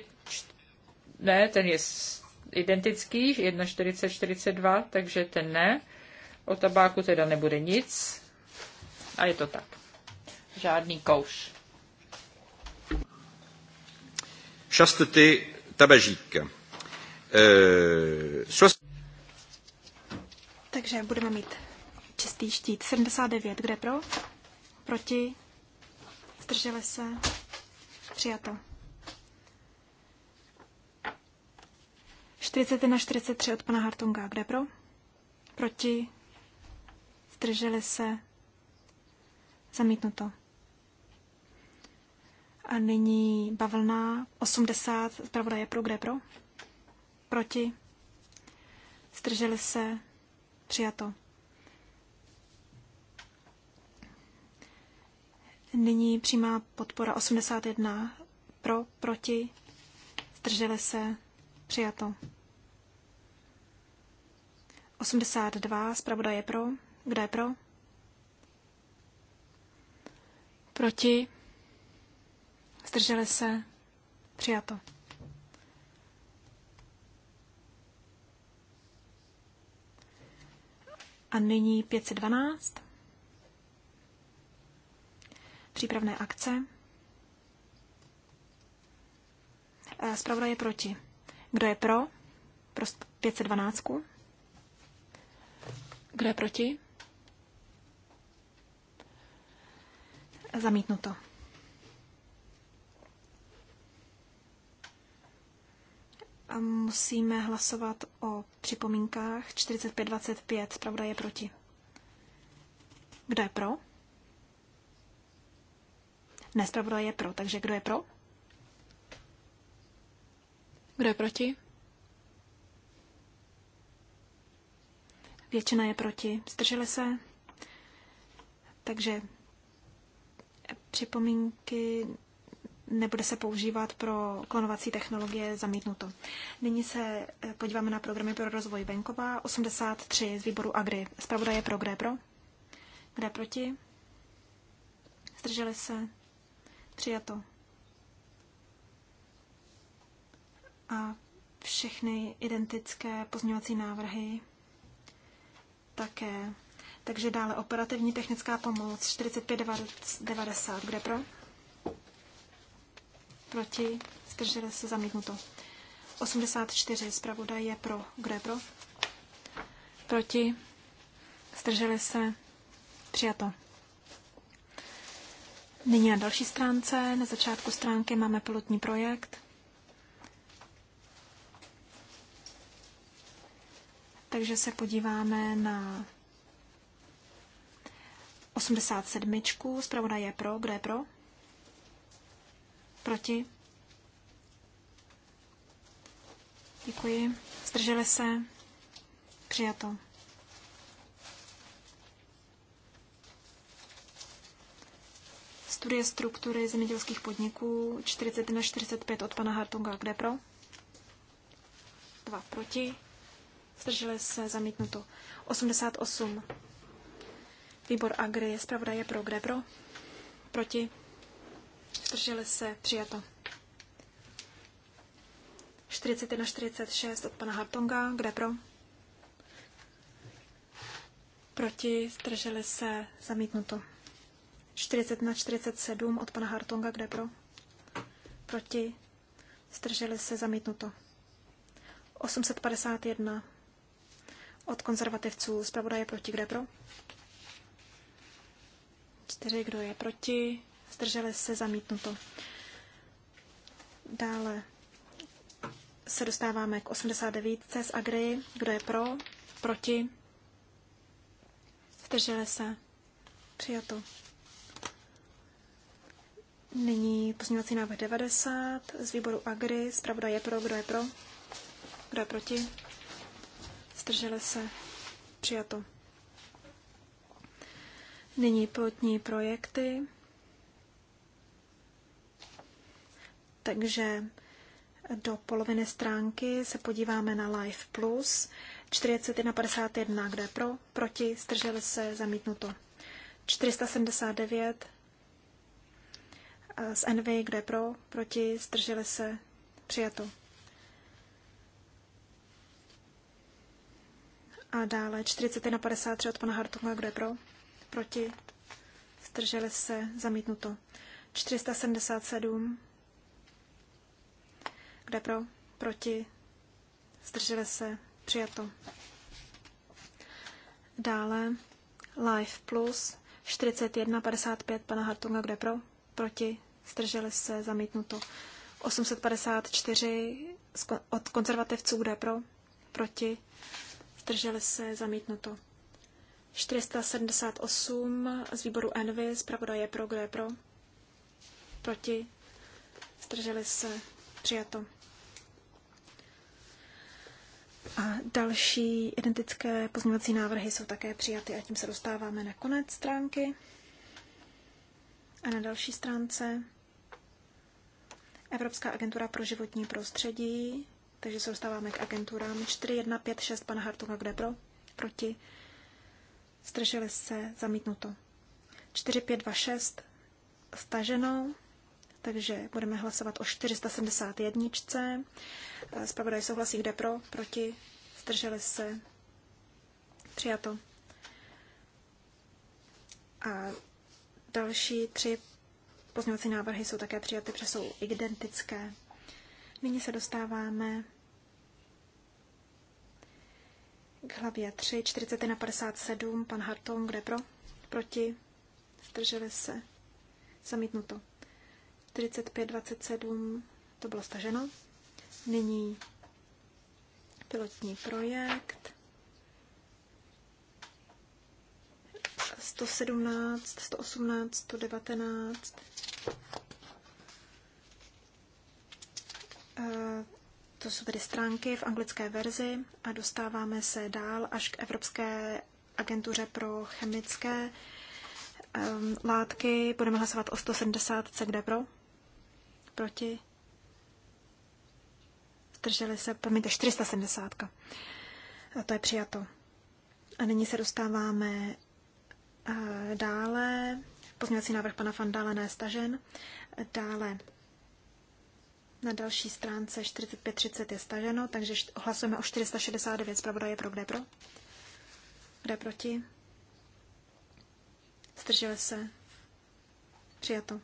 ne, ten je identický, 1.40.42, takže ten ne. O tabáku teda nebude nic. A je to tak žádný kouš. Chasteté tabagique. Eh, Takže budeme mít čistý štít. 79, kde pro? Proti? Zdrželi se? Přijato. 41 43 od pana Hartunga, kde pro? Proti? Zdrželi se? Zamítnuto. A nyní bavlna 80, zpravodaje pro, kde pro? Proti. Zdrželi se. Přijato. Nyní přímá podpora 81 pro, proti, zdrželi se, přijato. 82, zpravodaj je pro, kdo je pro? Proti, Zdrželi se? Přijato. A nyní 512. Přípravné akce. Eh, Zpravda je proti. Kdo je pro? Pro 512. Kdo je proti? Zamítnuto. musíme hlasovat o připomínkách 4525. Pravda je proti. Kdo je pro? Ne, je pro, takže kdo je pro? Kdo je proti? Většina je proti. Zdrželi se? Takže připomínky nebude se používat pro klonovací technologie zamítnuto. Nyní se eh, podíváme na programy pro rozvoj venkova 83 z výboru Agri. Zpravodaj je pro, kde pro? Kde proti? Zdrželi se? Přijato. A všechny identické pozměňovací návrhy také. Takže dále operativní technická pomoc 4590, kde pro? proti, zdrželi se zamítnuto. 84 zpravodaj je pro. Kdo je pro? Proti, zdrželi se přijato. Nyní na další stránce, na začátku stránky máme pilotní projekt. Takže se podíváme na 87. Zpravodaj je pro. Kdo je pro? Proti? Děkuji. Zdrželi se? Přijato. Studie struktury zemědělských podniků 40 na 45 od pana Hartunga. Kde pro? Dva proti. Zdrželi se zamítnuto. 88. Výbor Agri. Zpravodaj je pro. Kde pro? Proti zdrželi se, přijato. 41 46 od pana Hartonga, kde pro? Proti, zdrželi se, zamítnuto. 40 na 47 od pana Hartonga, kde pro? Proti, zdrželi se, zamítnuto. 851 od konzervativců, zpravodaje proti, kde pro? 4, kdo je proti? zdrželi se, zamítnuto. Dále se dostáváme k 89. z Agri. Kdo je pro? Proti? Zdrželi se? Přijato. Nyní pozměňovací návrh 90 z výboru Agri. Zpravda je pro. Kdo je pro? Kdo je proti? Zdrželi se? Přijato. Nyní pilotní projekty. takže do poloviny stránky se podíváme na Life Plus 41 kde pro, proti, strželi se, zamítnuto. 479 eh, z NV kde pro, proti, strželi se, přijato. A dále 41 53 od pana Hartunga, kde pro, proti, strželi se, zamítnuto. 477 kde pro? Proti? Zdrželi se? Přijato. Dále Life Plus 41,55 pana Hartunga. Kde pro? Proti? Zdrželi se? Zamítnuto. 854 od konzervativců. Kde pro? Proti? Zdrželi se? Zamítnuto. 478 z výboru Envy, zpravodaj je pro, kdo je pro, proti, zdrželi se, přijato. A další identické pozměňovací návrhy jsou také přijaty a tím se dostáváme na konec stránky. A na další stránce Evropská agentura pro životní prostředí, takže se dostáváme k agenturám 4156 pana Hartunga, kde pro, proti, zdrželi se, zamítnuto. 4526 staženo, takže budeme hlasovat o 471. Zpravodaj souhlasí, kde pro, proti, zdrželi se, přijato. A další tři pozměňovací návrhy jsou také přijaty, protože jsou identické. Nyní se dostáváme k hlavě 3, 40 na 57, pan Hartong, kde pro, proti, zdrželi se, zamítnuto. 4527 to bylo staženo. Nyní pilotní projekt 117, 118, 119. To jsou tedy stránky v anglické verzi a dostáváme se dál až k Evropské agentuře pro chemické ehm, látky. Budeme hlasovat o 170, kde pro? proti, zdrželi se, promiňte, 470. A to je přijato. A nyní se dostáváme eh, dále. Pozměňovací návrh pana Fandále stažen. Dále na další stránce 4530 je staženo, takže hlasujeme o 469 zpravodaje pro kde pro. Kde proti? Zdrželi se. Přijato.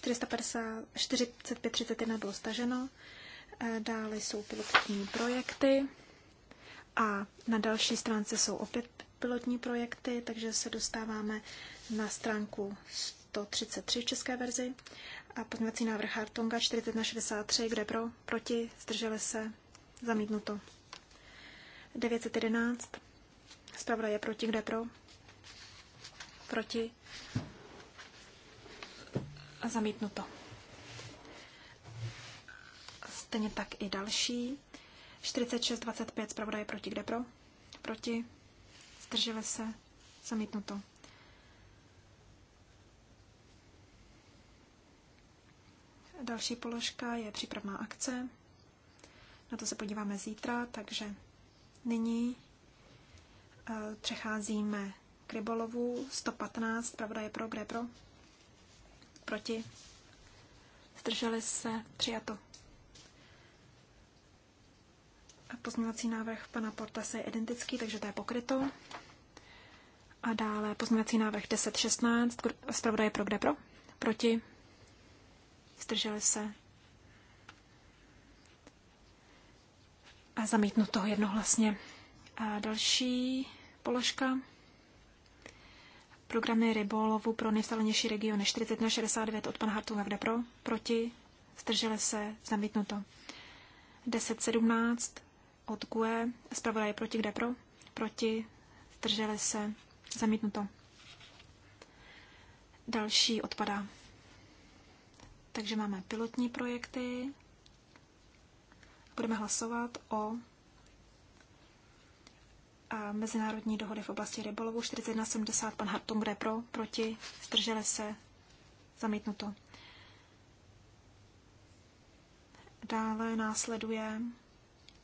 4531 bylo staženo. Eh, dále jsou pilotní projekty a na další stránce jsou opět pilotní projekty, takže se dostáváme na stránku 133 v české verzi. A pozměvací návrh Hartonga 4163, kde pro, proti, zdrželi se, zamítnuto. 911, zpravda je proti, kde pro, proti, Zamítnuto. Stejně tak i další. 46.25 zpravodaj proti. Kde pro? Proti. Zdrželi se. Zamítnuto. Další položka je přípravná akce. Na to se podíváme zítra, takže nyní eh, přecházíme k rybolovu 115, pravda je pro, kde pro, proti, zdrželi se, přijato. A pozměňovací návrh pana Portase je identický, takže to je pokryto. A dále pozměňovací návrh 1016, zpravodaj pro kde pro, proti, zdrželi se, a toho jednohlasně. A další položka Programy rybolovu pro nejvzdálenější regiony 40 na 69 od pana Hartunga, kde pro, proti, zdrželi se, zamítnuto. 10.17 od GUE, zpravodaj proti, kde pro, proti, zdrželi se, zamítnuto. Další odpadá. Takže máme pilotní projekty. Budeme hlasovat o a mezinárodní dohody v oblasti rybolovu 4170, pan Hartung, kde pro, proti, zdrželi se, zamítnuto. Dále následuje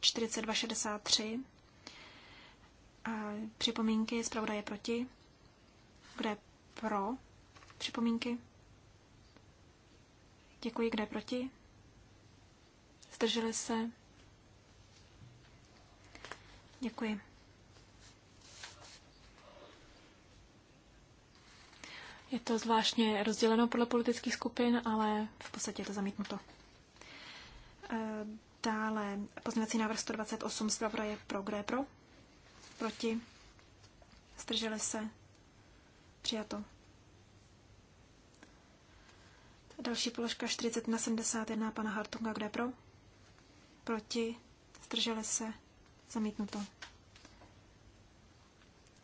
4263, připomínky, zpravodaje proti, kde pro, připomínky, děkuji, kde proti, zdrželi se, děkuji. Je to zvláštně rozděleno podle politických skupin, ale v podstatě je to zamítnuto. E, dále pozměňovací návrh 128 z pro, kdo je pro? Proti? Zdrželi se? Přijato. Další položka 40 na 71 pana Hartunga, kde pro? Proti? Zdrželi se? Zamítnuto.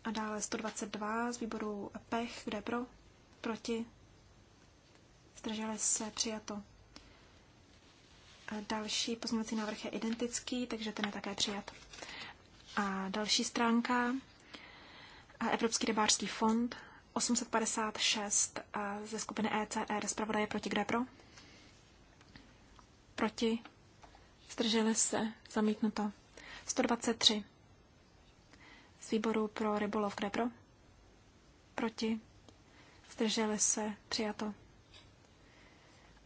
A dále 122 z výboru PECH, kde pro? proti, zdrželi se, přijato. Další pozměňovací návrh je identický, takže ten je také přijat. A další stránka, Evropský rybářský fond, 856 ze skupiny ECR, zpravodaje proti kde pro? Proti, zdrželi se, zamítnuto. 123 z výboru pro rybolov kde pro? Proti, zdrželi se, přijato.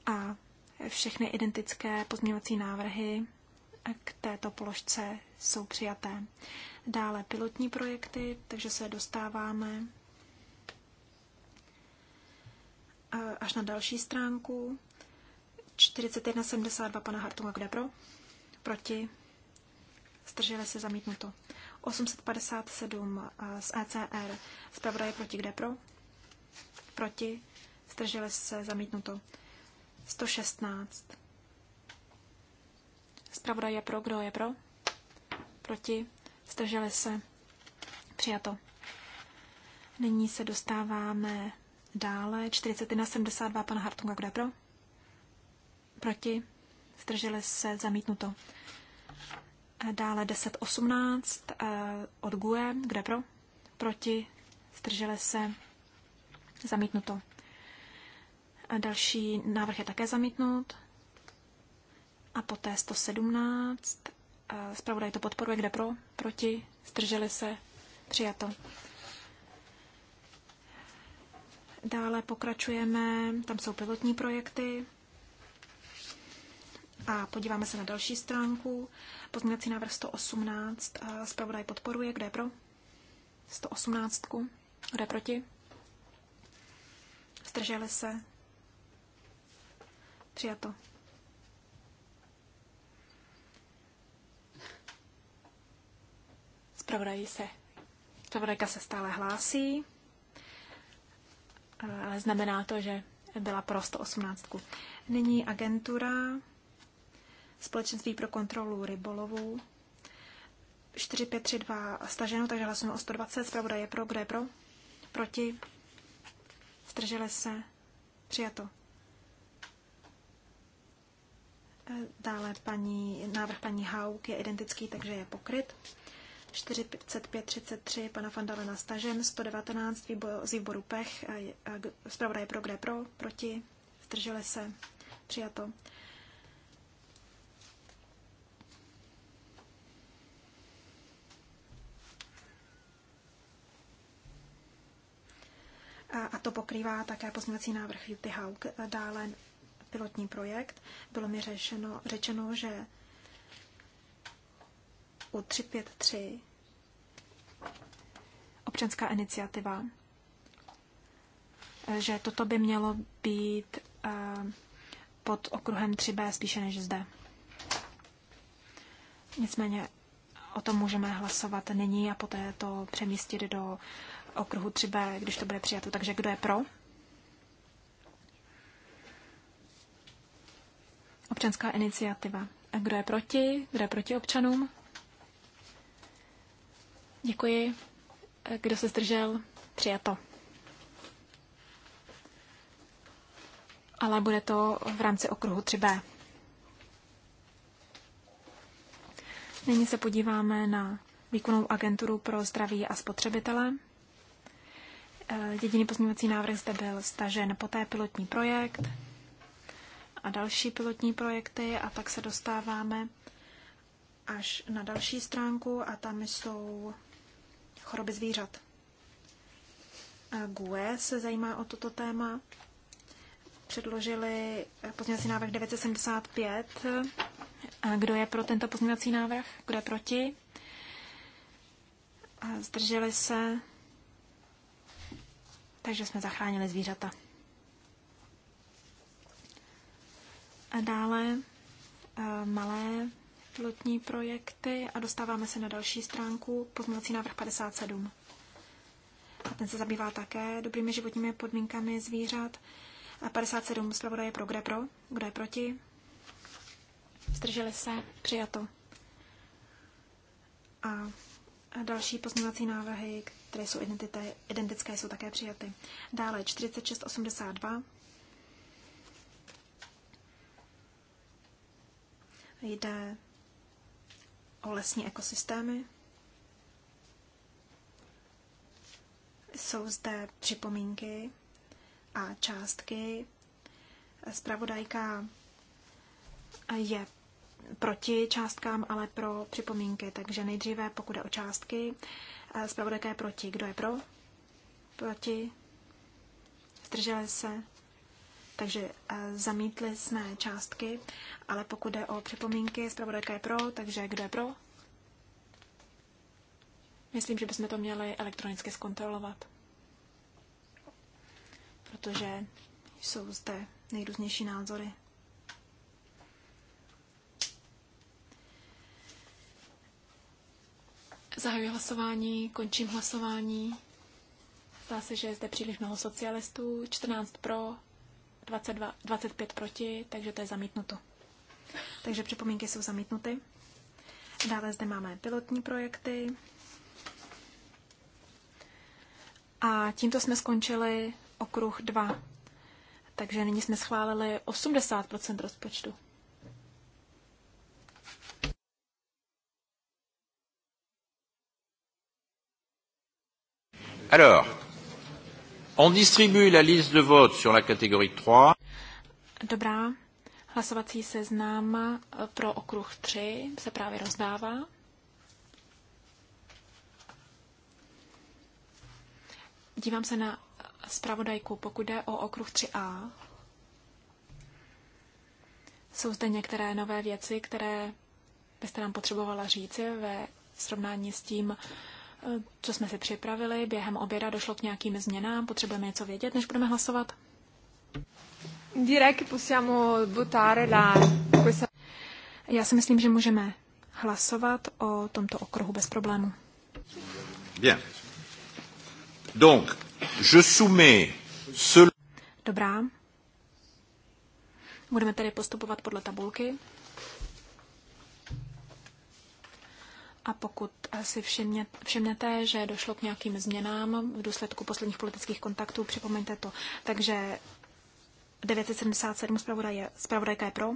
A všechny identické pozměňovací návrhy k této položce jsou přijaté. Dále pilotní projekty, takže se dostáváme eh, až na další stránku. 41,72 pana Hartunga, kde pro? Proti? Zdrželi se zamítnuto. 857 eh, z ECR. Zpravodaj proti kde pro? proti, zdrželi se, zamítnuto. 116. Zpravodaj je pro, kdo je pro, proti, zdrželi se, přijato. Nyní se dostáváme dále. 41 72, pan Hartunga, kdo je pro? Proti, zdrželi se, zamítnuto. Dále 10.18 eh, od GUE, kde pro? Proti, zdrželi se, Zamítnuto. A další návrh je také zamítnut. A poté 117. Zpravodaj to podporuje, kde pro, proti, zdrželi se, přijato. Dále pokračujeme, tam jsou pilotní projekty. A podíváme se na další stránku. Pozměňovací návrh 118. Zpravodaj podporuje, kde pro? 118. Kde proti? Zdrželi se? Přijato. Zpravodají se. Zpravodajka se stále hlásí, ale znamená to, že byla pro 118. Nyní agentura Společenství pro kontrolu rybolovu 4532 staženo, takže hlasujeme o 120. Zpravodaj je pro, kdo je pro? Proti? zdrželi se, přijato. E, dále paní, návrh paní Hauk je identický, takže je pokryt. 4533 pana Fandalena stažen, 119 výbor, z výboru PECH, zpravodaj pro kde pro, proti, zdrželi se, přijato. a to pokrývá také pozměňovací návrh Juty Haug. Dále pilotní projekt. Bylo mi řešeno, řečeno, že u 353 občanská iniciativa, že toto by mělo být eh, pod okruhem 3B spíše než zde. Nicméně o tom můžeme hlasovat nyní a poté to přemístit do okruhu 3b, když to bude přijato. Takže kdo je pro? Občanská iniciativa. A kdo je proti? Kdo je proti občanům? Děkuji. Kdo se zdržel? Přijato. Ale bude to v rámci okruhu 3b. Nyní se podíváme na výkonnou agenturu pro zdraví a spotřebitele. Eh, jediný pozměňovací návrh zde byl stažen poté pilotní projekt a další pilotní projekty a pak se dostáváme až na další stránku a tam jsou choroby zvířat. Eh, GUE se zajímá o toto téma. Předložili eh, pozměňovací návrh 975. A kdo je pro tento pozměňovací návrh? Kdo je proti? A zdrželi se? takže jsme zachránili zvířata. A dále eh, malé pilotní projekty a dostáváme se na další stránku, pozměňovací návrh 57. A ten se zabývá také dobrými životními podmínkami zvířat. A 57 zpravodaj je pro, kde pro, kdo je proti. Zdrželi se, přijato. A další pozměňovací návrhy, které jsou identité, identické, jsou také přijaty. Dále 4682. Jde o lesní ekosystémy. Jsou zde připomínky a částky. Spravodajka je proti částkám, ale pro připomínky. Takže nejdříve, pokud je o částky, eh, zpravodajka je proti. Kdo je pro? Proti? Zdrželi se? Takže eh, zamítli jsme částky, ale pokud jde o připomínky, zpravodajka je pro, takže kdo je pro? Myslím, že bychom to měli elektronicky zkontrolovat, protože jsou zde nejrůznější názory. Zahajuji hlasování, končím hlasování. Zdá se, že je zde příliš mnoho socialistů. 14 pro, 22, 25 proti, takže to je zamítnuto. Takže připomínky jsou zamítnuty. Dále zde máme pilotní projekty. A tímto jsme skončili okruh 2. Takže nyní jsme schválili 80 rozpočtu. Alors, on distribue la liste de vote sur la catégorie 3. Dobrá. Hlasovací seznam eh, pro okruh 3 se právě rozdává. Dívám se na eh, zpravodajku, pokud jde o okruh 3A. Jsou zde některé nové věci, které byste nám potřebovala říci ve srovnání s tím, co jsme si připravili. Během oběda došlo k nějakým změnám, potřebujeme něco vědět, než budeme hlasovat. Direi possiamo votare la questa já si myslím, že můžeme hlasovat o tomto okruhu bez problému. Bien. Donc, je soumets Dobrá. Budeme tedy postupovat podle tabulky. A pokud si všimnete, že došlo k nějakým změnám v důsledku posledních politických kontaktů, připomeňte to. Takže 977 zpravodaj zpravodajka je pro.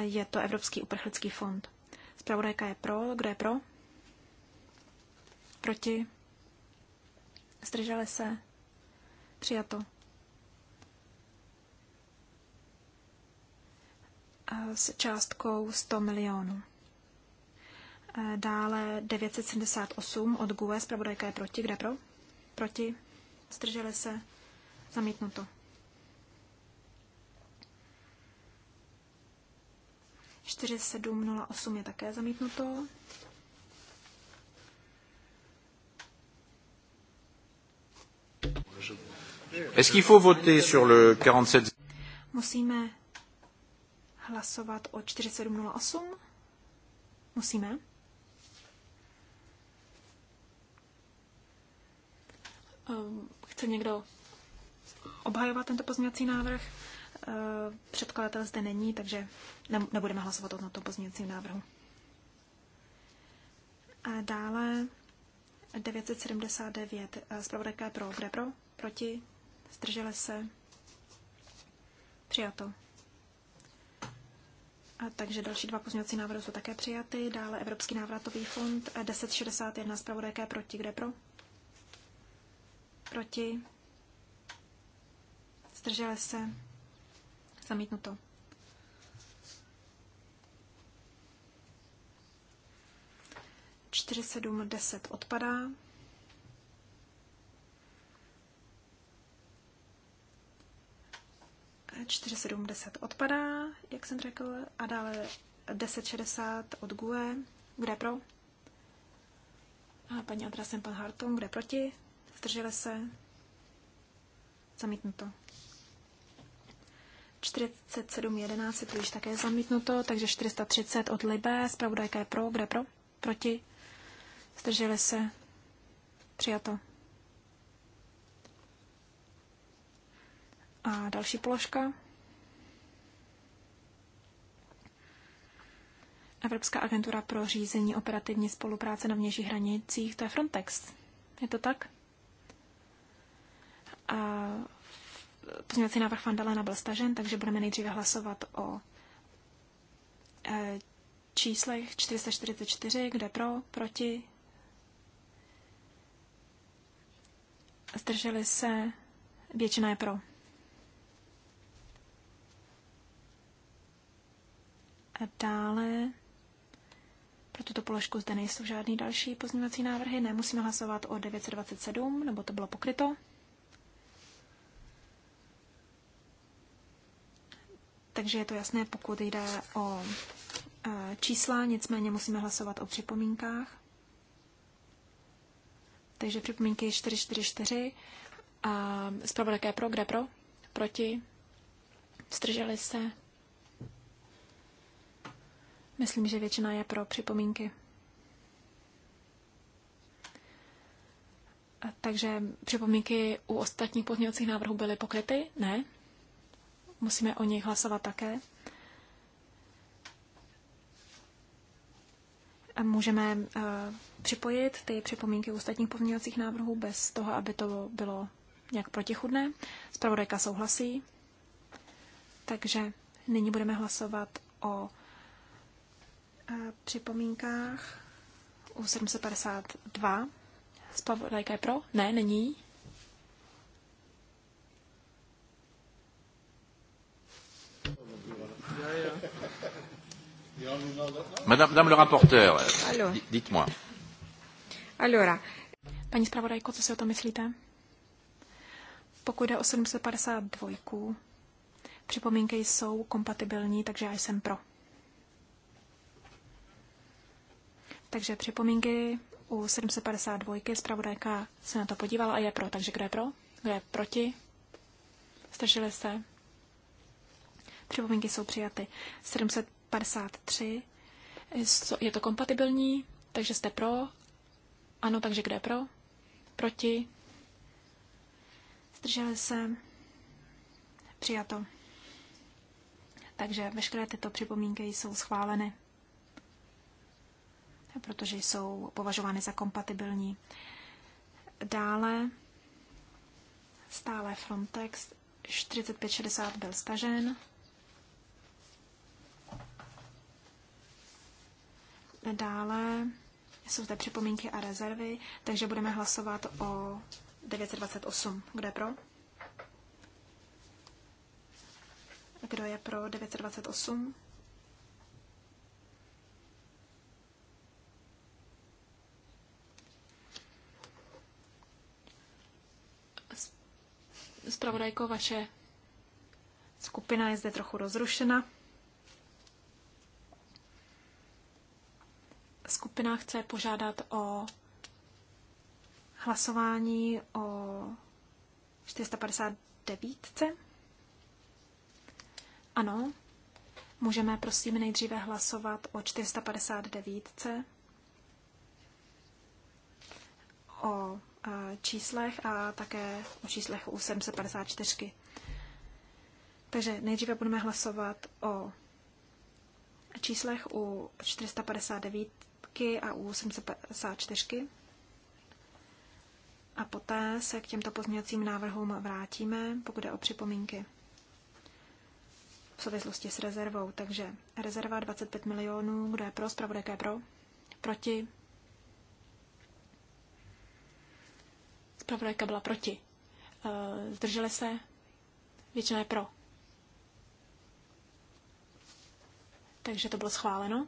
Je to Evropský uprchlický fond. Zpravodajka je pro. Kdo je pro? Proti? Zdrželi se? Přijato. S částkou 100 milionů. Dále 978 od GUE, zpravodajka je proti. Kde pro? Proti. Zdrželi se. Zamítnuto. Čtyři sedm nula osm je také zamítnuto. Est-ce qu'il faut voter sur le 47 Musíme hlasovat o čtyři sedm nula osm. Musíme? Ehm, chce někdo obhajovat tento pozměňovací návrh? Ehm, předkladatel zde není, takže nebudeme hlasovat o tomto pozměňovacím návrhu. A dále 979 ehm, zpravodajka pro, kde pro, proti, zdržele se, přijato. A takže další dva pozměňovací návrhy jsou také přijaty. Dále Evropský návratový fond 1061 eh, zpravodajka proti, kde pro, Proti? Zdrželi se? Zamítnuto. Čtyři, sedm, deset odpadá. Čtyři, sedm, deset odpadá, jak jsem řekl, a dále šedesát od GUE. Kde pro? A paní Adrasem, pan Hartung, kde proti? zdrželi se, zamítnuto. 47.11 je již také zamítnuto, takže 430 od Libé, zpravodajka je pro, kde pro, proti, zdrželi se, přijato. A další položka. Evropská agentura pro řízení operativní spolupráce na vnějších hranicích, to je Frontex. Je to tak? pozměňovací návrh Fandalena byl stažen, takže budeme nejdříve hlasovat o e, číslech 444, kde pro, proti, zdrželi se, většina je pro. A dále pro tuto položku zde nejsou žádný další pozměňovací návrhy, nemusíme hlasovat o 927, nebo to bylo pokryto. takže je to jasné, pokud jde o e, čísla, nicméně musíme hlasovat o připomínkách. Takže připomínky 444. A zpravodajka pro, kde pro? Proti? Zdrželi se? Myslím, že většina je pro připomínky. A takže připomínky u ostatních pozměňovacích návrhů byly pokryty? Ne? Musíme o nich hlasovat také. A můžeme uh, připojit ty připomínky ostatních pozměňovacích návrhů bez toho, aby to bylo nějak protichudné. Spravodajka souhlasí. Takže nyní budeme hlasovat o eh, připomínkách u 752. Spravodajka je pro? Ne, není. Madame, madame le rapporteur, dites-moi. Alors, Paní zpravodajko, co si o tom myslíte? Pokud je o 752, připomínky jsou kompatibilní, takže já jsem pro. Takže připomínky u 752, zpravodajka se na to podívala a je pro. Takže kdo je pro? Kdo je proti? Stržili se? Připomínky jsou přijaty. 753. Je to kompatibilní, takže jste pro. Ano, takže kde pro? Proti. Zdrželi se. Přijato. Takže veškeré tyto připomínky jsou schváleny, protože jsou považovány za kompatibilní. Dále stále Frontex 4560 byl stažen. Dále jsou zde připomínky a rezervy, takže budeme hlasovat o 928. Kdo je pro? Kdo je pro 928? Spravodajko, vaše skupina je zde trochu rozrušena. skupina chce požádat o hlasování o 459. Ano, můžeme prosím nejdříve hlasovat o 459. O e, číslech a také o číslech u 754. Takže nejdříve budeme hlasovat o číslech u 459 a u 854. A poté se k těmto pozměňovacím návrhům vrátíme, pokud je o připomínky v souvislosti s rezervou. Takže rezerva 25 milionů, kdo je pro, zpravodajka je pro, proti. Zpravodajka byla proti. E, zdrželi se, většina je pro. Takže to bylo schváleno.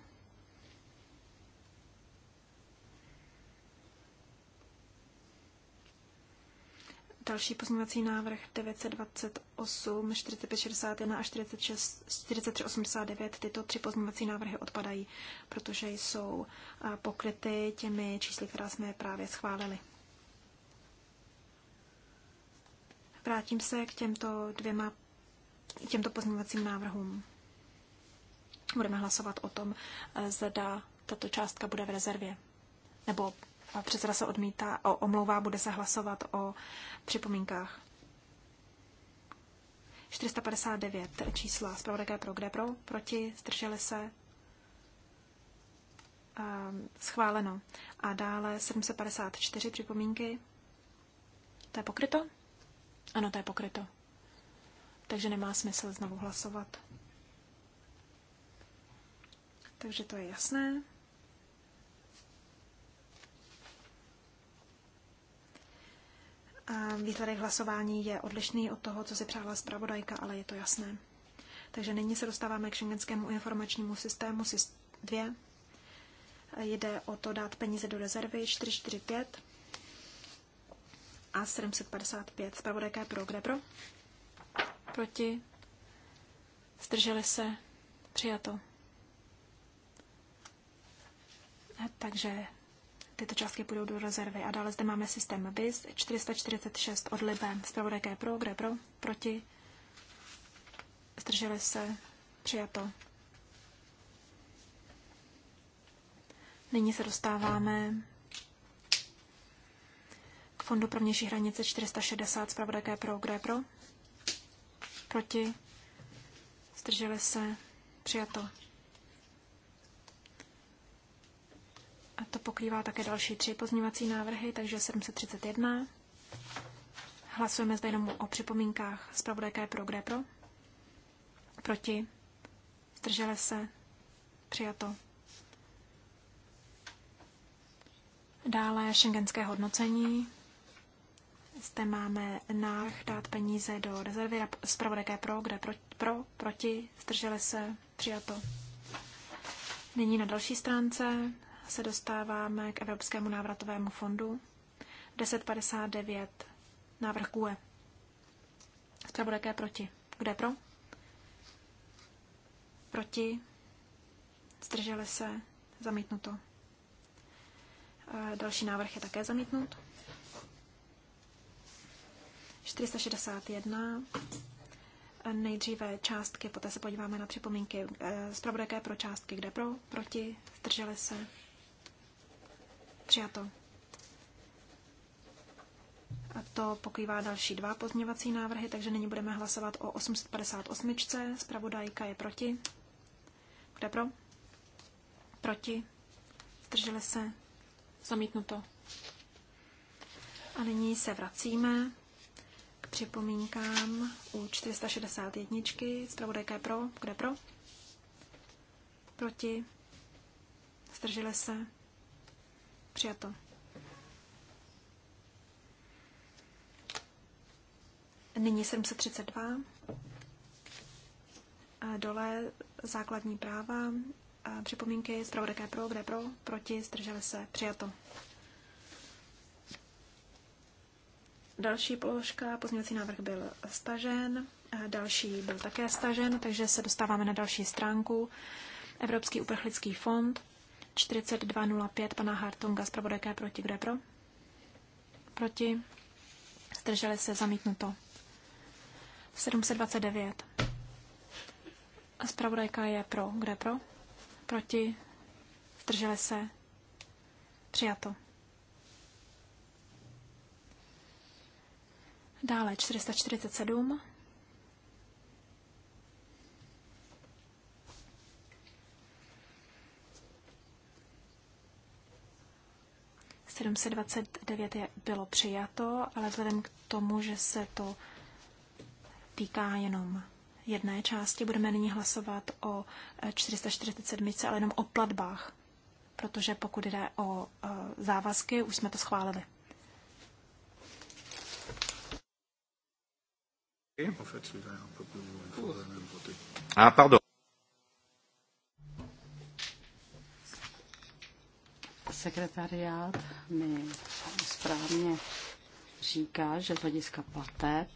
Další pozměňovací návrh 928, 4561 a 4389. Tyto tři pozměňovací návrhy odpadají, protože jsou pokryty těmi čísly, která jsme právě schválili. Vrátím se k těmto dvěma těmto pozměňovacím návrhům. Budeme hlasovat o tom, e, zda tato částka bude v rezervě nebo předseda se odmítá, o, omlouvá, bude se hlasovat o připomínkách. 459 čísla Pravodeké pro, kde pro, proti, zdrželi se, ehm, schváleno. A dále 754 připomínky. To je pokryto? Ano, to je pokryto. Takže nemá smysl znovu hlasovat. Takže to je jasné. Výsledek hlasování je odlišný od toho, co si přála zpravodajka, ale je to jasné. Takže nyní se dostáváme k šengenskému informačnímu systému SIS 2. Jde o to dát peníze do rezervy 445 a 755. Zpravodajka je pro. Kde pro? Proti? Zdrželi se? Přijato. Takže tyto částky půjdou do rezervy. A dále zde máme systém BIS 446 od Libe. Spravodajka je pro, kde pro, proti. Zdrželi se, přijato. Nyní se dostáváme k fondu pro vnější hranice 460. Spravodajka je pro, kde pro, proti. Zdrželi se, přijato. A to pokrývá také další tři pozměňovací návrhy, takže 731. Hlasujeme zde jenom o připomínkách. z je pro, kde pro? Proti? Zdržele se? Přijato. Dále šengenské hodnocení. Zde máme návrh dát peníze do rezervy z pro, kde pro, pro, proti, zdrželi se, přijato. Nyní na další stránce se dostáváme k Evropskému návratovému fondu. 1059. Návrh QE. Zpravodajka proti. Kde pro? Proti. Zdrželi se. Zamítnuto. Další návrh je také zamítnut. 461. Nejdříve částky, poté se podíváme na připomínky. Zpravodajka pro částky, kde pro, proti, zdrželi se, Přijato. A to pokrývá další dva pozměňovací návrhy, takže nyní budeme hlasovat o 858. Spravodajka je proti. Kde pro? Proti. Zdrželi se. Zamítnuto. A nyní se vracíme k připomínkám u 461. Spravodajka je pro. Kde pro? Proti. Zdrželi se. Přijato. Nyní 732. Dole základní práva, připomínky, zpravodajké pro, kde pro, proti, zdrželi se, přijato. Další položka, pozměňovací návrh byl stažen, další byl také stažen, takže se dostáváme na další stránku. Evropský uprchlický fond. 42.05 pana Hartunga z Pravodajka proti. Kdo je pro? Proti. Zdrželi se zamítnuto. 729. A zpravodajka je pro. Kde pro? Proti. Zdrželi se. Přijato. Dále 447. 729 je, bylo přijato, ale vzhledem k tomu, že se to týká jenom jedné části, budeme nyní hlasovat o 447, eh, ale jenom o platbách, protože pokud jde o eh, závazky, už jsme to schválili. Ah, pardon. sekretariát mi správně říká, že z hlediska plateb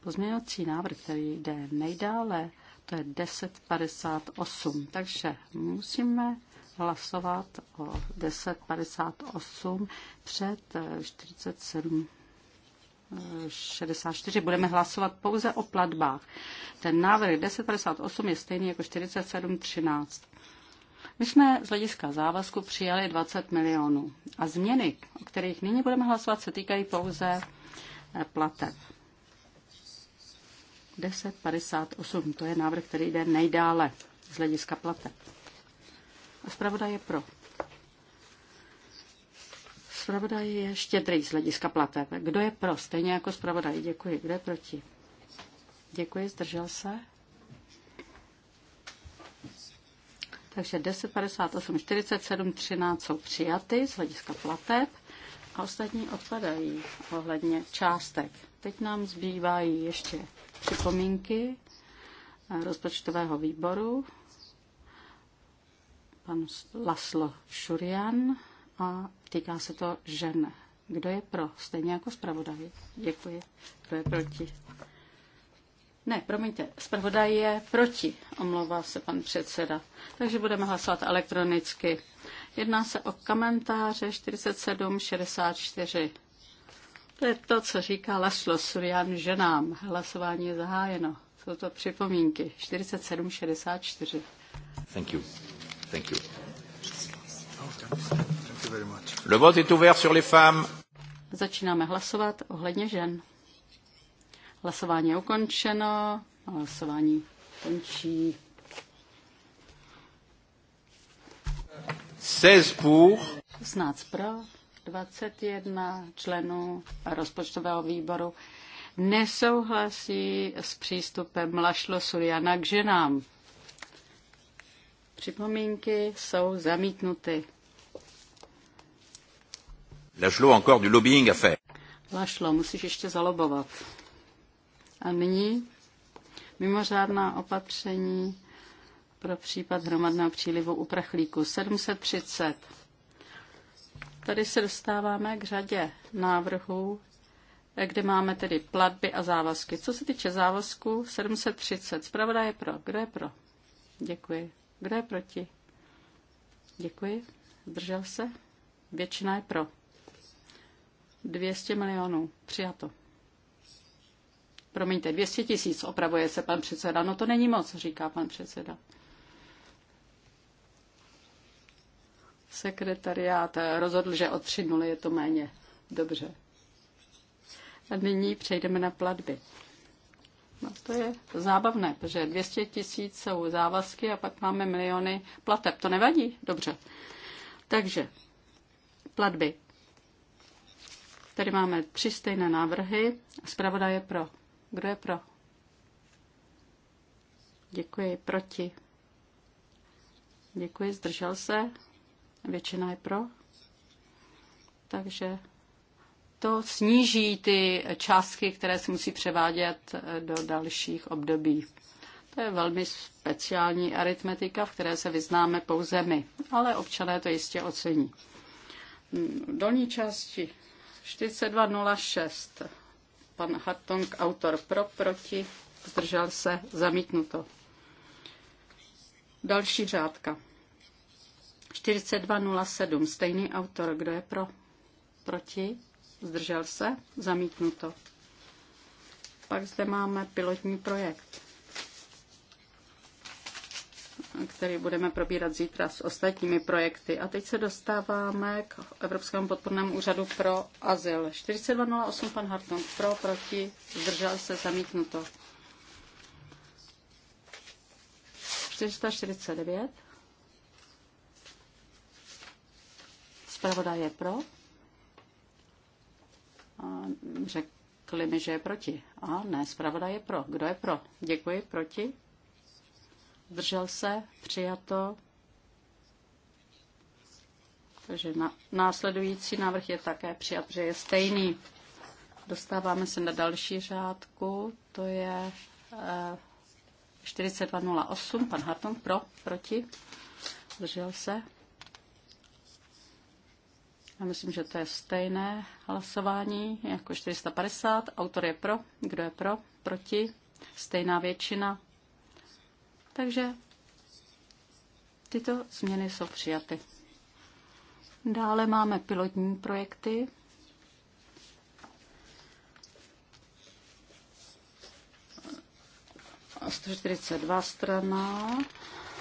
pozměňovací návrh, který jde nejdále, to je 1058. Takže musíme hlasovat o 1058 před 47 eh, 64. Eh, Budeme hlasovat pouze o platbách. Ten návrh 1058 je stejný jako 4713. My jsme z hlediska závazku přijali 20 milionů a změny, o kterých nyní budeme hlasovat, se týkají pouze eh, plateb. 1058, to je návrh, který jde nejdále z hlediska plateb. A zpravodaj je pro. Zpravodaj je štědrý z hlediska plateb. Kdo je pro? Stejně jako zpravodaj. Děkuji. Kdo je proti? Děkuji, zdržel se. Takže 10, 58, 47, 13 jsou přijaty z hlediska plateb a ostatní odpadají ohledně částek. Teď nám zbývají ještě připomínky rozpočtového výboru. Pan Laslo Šurian a týká se to žen. Kdo je pro? Stejně jako zpravodaj. Děkuji. Kdo je proti? Ne, promiňte, zpravodaj je proti, omlouvá se pan předseda. Takže budeme hlasovat elektronicky. Jedná se o komentáře 4764. To je to, co říká Laslo Surian ženám. Hlasování je zahájeno. Jsou to připomínky. 4764. Thank you. Thank you. Le vote est ouvert sur les femmes. Začínáme hlasovat ohledně žen. Hlasování je ukončeno. Hlasování končí. 16 pour. 16 pro, 21 členů rozpočtového výboru nesouhlasí s přístupem Lašlo Suriana k ženám. Připomínky jsou zamítnuty. Lašlo encore du lobbying à faire. Lašlo, musíš ještě zalobovat. A nyní mimořádná opatření pro případ hromadného přílivu uprchlíků 730. Tady se dostáváme k řadě návrhů, kde máme tedy platby a závazky. Co se týče závazku 730, zpravodaj je pro. Kdo je pro? Děkuji. Kdo je proti? Děkuji. Zdržel se? Většina je pro. 200 milionů. Přijato. Promiňte, 200 tisíc, opravuje se pan předseda. No to není moc, říká pan předseda. Sekretariát rozhodl, že o tři nuly je to méně. Dobře. A nyní přejdeme na platby. No to je zábavné, protože 200 tisíc jsou závazky a pak máme miliony plateb. To nevadí? Dobře. Takže platby. Tady máme tři stejné návrhy. Zpravodaj je pro. Kdo je pro? Děkuji. Proti? Děkuji. Zdržel se? Většina je pro. Takže to sníží ty částky, které se musí převádět eh, do dalších období. To je velmi speciální aritmetika, v které se vyznáme pouze my, ale občané to jistě ocení. Mm, v dolní části 4206 pan Hattong, autor pro, proti, zdržel se, zamítnuto. Další řádka. 4207, stejný autor, kdo je pro, proti, zdržel se, zamítnuto. Pak zde máme pilotní projekt který budeme probírat zítra s ostatními projekty. A teď se dostáváme k Evropskému podpornému úřadu pro azyl. 4208, pan Harton, pro, proti, zdržel se, zamítnuto. 449. Zpravodaj je pro. A řekli mi, že je proti. A ne, zpravodaj je pro. Kdo je pro? Děkuji, proti držel se, přijato. Takže na, následující návrh je také přijat, že je stejný. Dostáváme se na další řádku, to je eh, 4208, pan Harton pro, proti, Držel se. Já myslím, že to je stejné hlasování jako 450. Autor je pro, kdo je pro, proti, stejná většina, takže tyto změny jsou přijaty. Dále máme pilotní projekty. A 142 strana.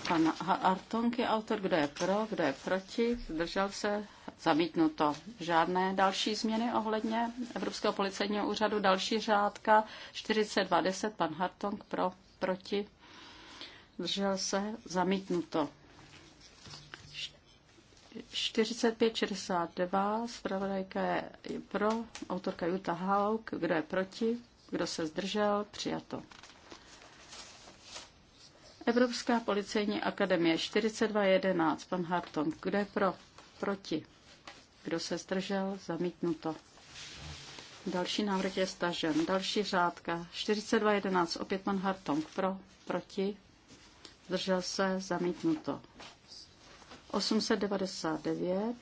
Pan Artonk je autor, kdo je pro, kdo je proti, zdržel se, zamítnuto. Žádné další změny ohledně Evropského policejního úřadu, další řádka 4210, pan Hartong pro, proti zdržel se, zamítnuto. 45-62, zpravodajka je pro, autorka Jutta Hauk, kdo je proti, kdo se zdržel, přijato. Evropská policejní akademie 42.11, pan Hartong, kdo je pro, proti, kdo se zdržel, zamítnuto. Další návrh je stažen. Další řádka 42.11, opět pan Hartong, pro, proti, zdržel se, zamítnuto. 899,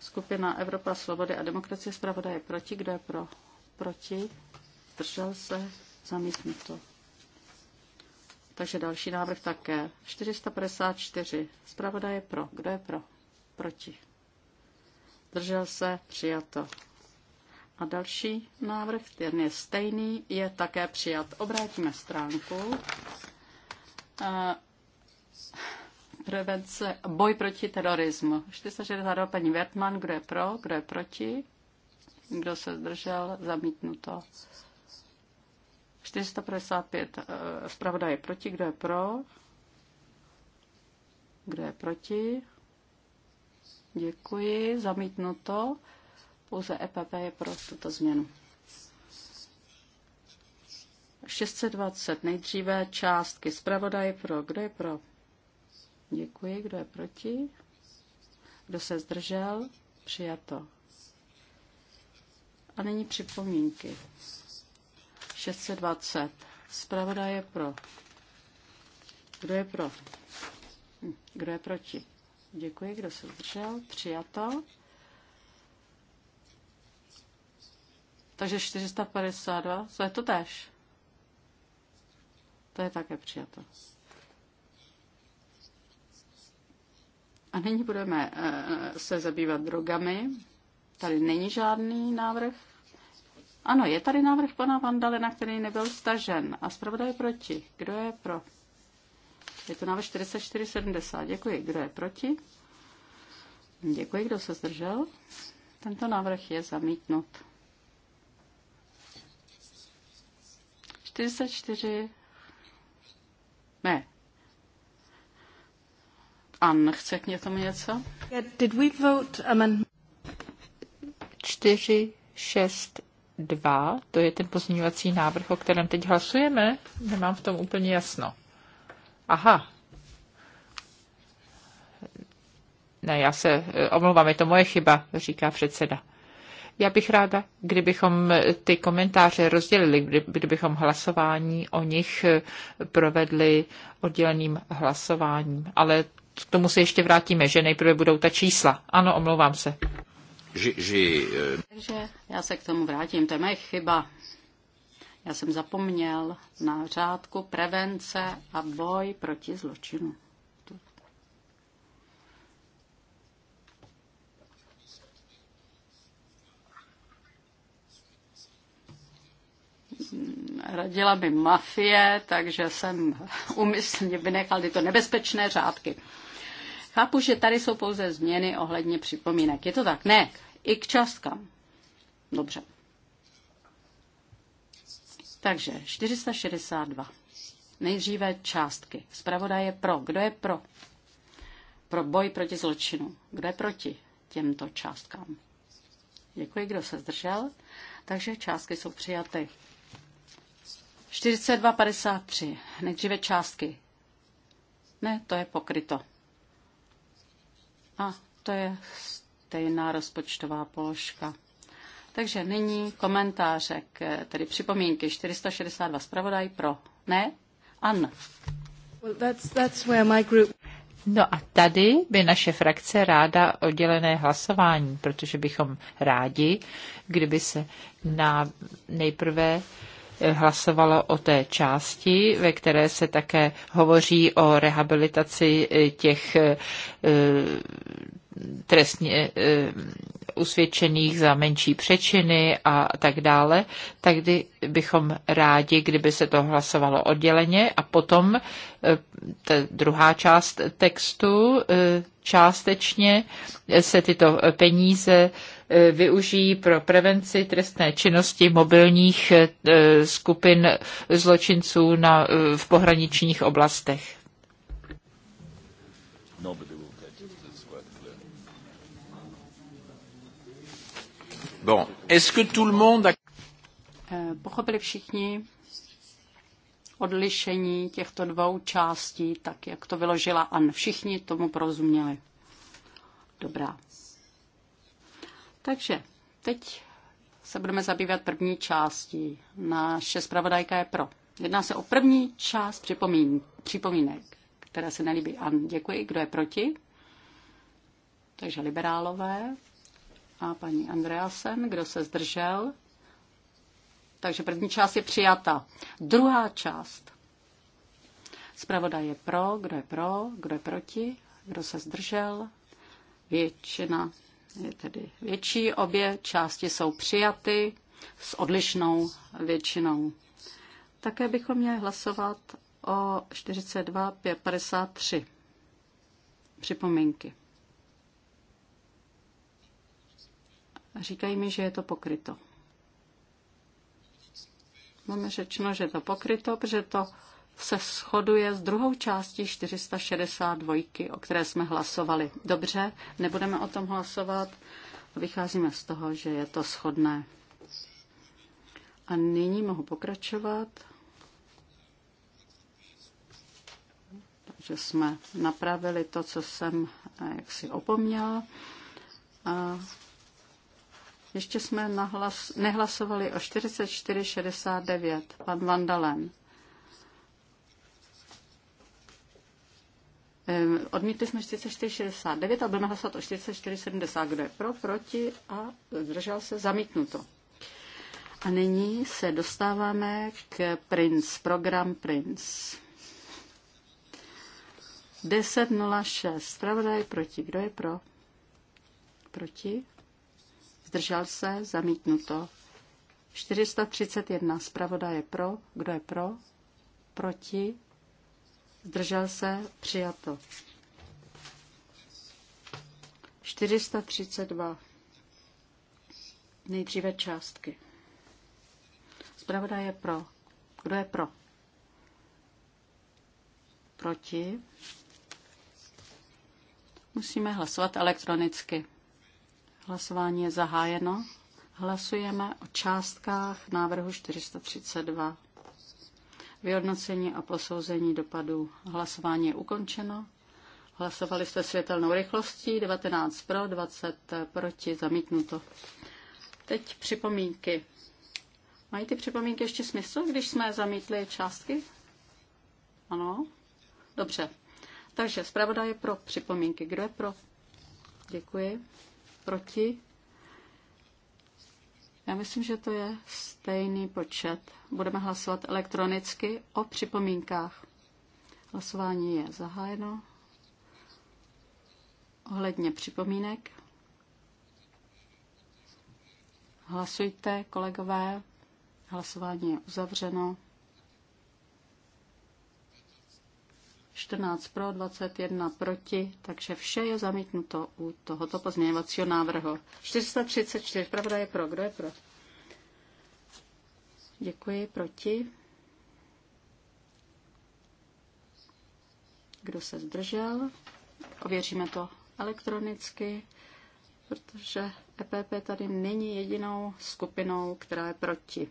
skupina Evropa svobody a demokracie, zpravoda je proti, kdo je pro? Proti, zdržel se, zamítnuto. Takže další návrh také. 454. Zpravoda je pro. Kdo je pro? Proti. Držel se, přijato. A další návrh, ten je stejný, je také přijat. Obrátíme stránku. Eh, prevence, boj proti terorismu. 462 paní Wertmann, kdo je pro, kdo je proti, kdo se zdržel, zamítnuto. 455 eh, zpravodaj je proti, kdo je pro, kdo je proti. Děkuji, zamítnuto. Pouze EPP je pro tuto změnu. 620 nejdříve částky zpravodaj pro. Kdo je pro? Děkuji. Kdo je proti? Kdo se zdržel? Přijato. A nyní připomínky. 620. Zpravodaj je pro. Kdo je pro? Hm, kdo je proti? Děkuji. Kdo se zdržel? Přijato. Takže 452, co je to tež? To je také přijato. A nyní budeme eh, se zabývat drogami. Tady není žádný návrh. Ano, je tady návrh pana Vandalena, který nebyl stažen. A zpravodaj je proti. Kdo je pro? Je to návrh 4470. Děkuji. Kdo je proti? Děkuji, kdo se zdržel. Tento návrh je zamítnut. 44. Ne. Ann chce k němu něco? Did we vote amendment? 4, 6, 2, to je ten pozměňovací návrh, o kterém teď hlasujeme, nemám v tom úplně jasno. Aha. Ne, já se eh, omlouvám, je to moje chyba, říká předseda. Já bych ráda, kdybychom ty komentáře rozdělili, kdybychom hlasování o nich eh, provedli odděleným hlasováním. Ale k tomu se ještě vrátíme, že nejprve budou ta čísla. Ano, omlouvám se. Že, eh, Takže já se k tomu vrátím, to je moje chyba. Já jsem zapomněl na řádku prevence a boj proti zločinu. radila by mafie, takže jsem umyslně vynechal tyto nebezpečné řádky. Chápu, že tady jsou pouze změny ohledně připomínek. Je to tak? Ne. I k částkám. Dobře. Takže 462. Nejdříve částky. Zpravoda je pro. Kdo je pro? Pro boj proti zločinu. Kdo je proti těmto částkám? Děkuji, kdo se zdržel. Takže částky jsou přijaty. 42,53. Nejdříve částky. Ne, to je pokryto. A to je stejná rozpočtová položka. Takže nyní komentáře, tedy připomínky 462 zpravodaj pro. Ne? Anna. Well, that's, that's where my group... No a tady by naše frakce ráda oddělené hlasování, protože bychom rádi, kdyby se na nejprve uh, hlasovalo o té části, ve které se také hovoří o rehabilitaci eh, těch eh, trestně eh, usvědčených za menší přečiny a tak dále, tak bychom rádi, kdyby se to hlasovalo odděleně a potom ta druhá část textu částečně se tyto peníze Eh, využijí pro prevenci trestné činnosti mobilních eh, skupin zločinců na, eh, v pohraničních oblastech. Bon. Est-ce que tout le monde a... Pochopili všichni odlišení těchto dvou částí, tak jak to vyložila Ann. Všichni tomu porozuměli. Dobrá. Takže teď se budeme zabývat první částí. Naše zpravodajka je pro. Jedná se o první část připomín, připomínek, které se nelíbí. A děkuji, kdo je proti. Takže liberálové a paní Andreasen, kdo se zdržel. Takže první část je přijata. Druhá část. Zpravodaj je pro, kdo je pro, kdo je proti, kdo se zdržel. Většina je tedy větší. Obě části jsou přijaty s odlišnou většinou. Také bychom měli hlasovat o 42.53 připomínky. Říkají mi, že je to pokryto. Máme řečeno, že je to pokryto, protože to se shoduje s druhou částí 462, o které jsme hlasovali. Dobře, nebudeme o tom hlasovat. Vycházíme z toho, že je to shodné. A nyní mohu pokračovat. Takže jsme napravili to, co jsem eh, jaksi opomněla. A ještě jsme nahlas, nehlasovali o 4469, pan Vandalen. Eh, odmítli jsme 44,69 a budeme hlasovat o 44,70. Kdo je pro, proti a zdržel se zamítnuto. A nyní se dostáváme k Prince, program Prince. 10.06. Spravodaj proti. Kdo je pro? Proti. Zdržel se. Zamítnuto. 431. Spravodaj je pro. Kdo je pro? Proti zdržel se, přijato. 432. Nejdříve částky. Zpravodaj je pro. Kdo je pro? Proti? Musíme hlasovat elektronicky. Hlasování je zahájeno. Hlasujeme o částkách návrhu 432. Vyhodnocení a posouzení dopadů hlasování je ukončeno. Hlasovali jste světelnou rychlostí, 19 pro, 20 proti, zamítnuto. Teď připomínky. Mají ty připomínky ještě smysl, když jsme zamítli částky? Ano? Dobře. Takže zpravodaj je pro připomínky. Kdo je pro? Děkuji. Proti? Já myslím, že to je stejný počet. Budeme hlasovat elektronicky o připomínkách. Hlasování je zahájeno. Ohledně připomínek. Hlasujte, kolegové. Hlasování je uzavřeno. 14 pro, 21 proti, takže vše je zamítnuto u tohoto pozměňovacího návrhu. 434, pravda je pro, kdo je pro? Děkuji, proti. Kdo se zdržel? Ověříme to elektronicky, protože EPP tady není jedinou skupinou, která je proti.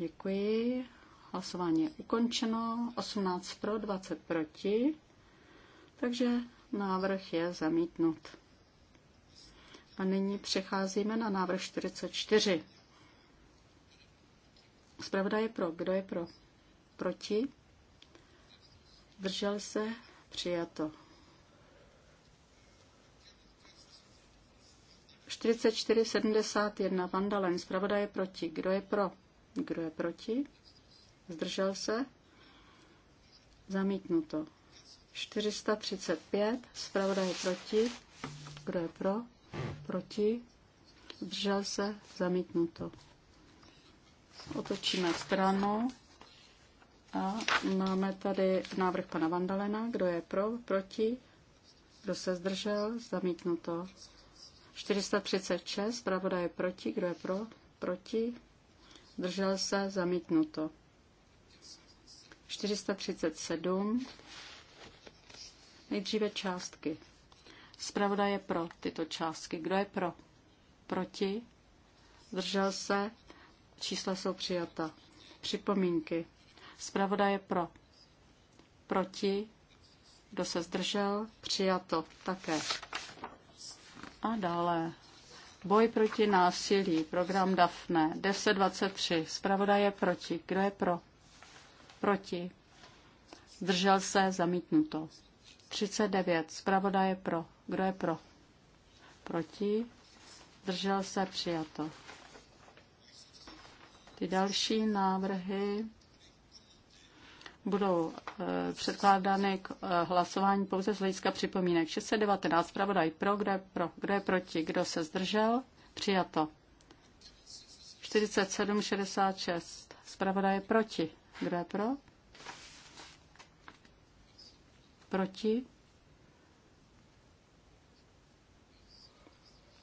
Děkuji. Hlasování je ukončeno. 18 pro, 20 proti. Takže návrh je zamítnut. A nyní přecházíme na návrh 44. Zpravda je pro. Kdo je pro? Proti? Držel se? Přijato. 44.71. Vandalen. Zpravda je proti. Kdo je pro? Kdo je proti? Zdržel se? Zamítnuto. 435. Zpravodaj je proti. Kdo je pro? Proti. Zdržel se? Zamítnuto. Otočíme stranu. A máme tady návrh pana Vandalena. Kdo je pro? Proti? Kdo se zdržel? Zamítnuto. 436. Zpravodaj je proti. Kdo je pro? Proti zdržel se, zamítnuto. 437. Nejdříve částky. Zpravda je pro tyto částky. Kdo je pro? Proti? Zdržel se? Čísla jsou přijata. Připomínky. Zpravda je pro. Proti? Kdo se zdržel? Přijato také. A dále Boj proti násilí, program DAFNE, 1023, zpravodaj je proti. Kdo je pro? Proti. Zdržel se, zamítnuto. 39, zpravodaj je pro. Kdo je pro? Proti. Zdržel se, přijato. Ty další návrhy budou eh, předkládány k eh, hlasování pouze z hlediska připomínek. 619 zpravodaj pro, kdo je pro, kdo je proti, kdo se zdržel, přijato. 4766 zpravodaj je proti, kdo je pro, proti,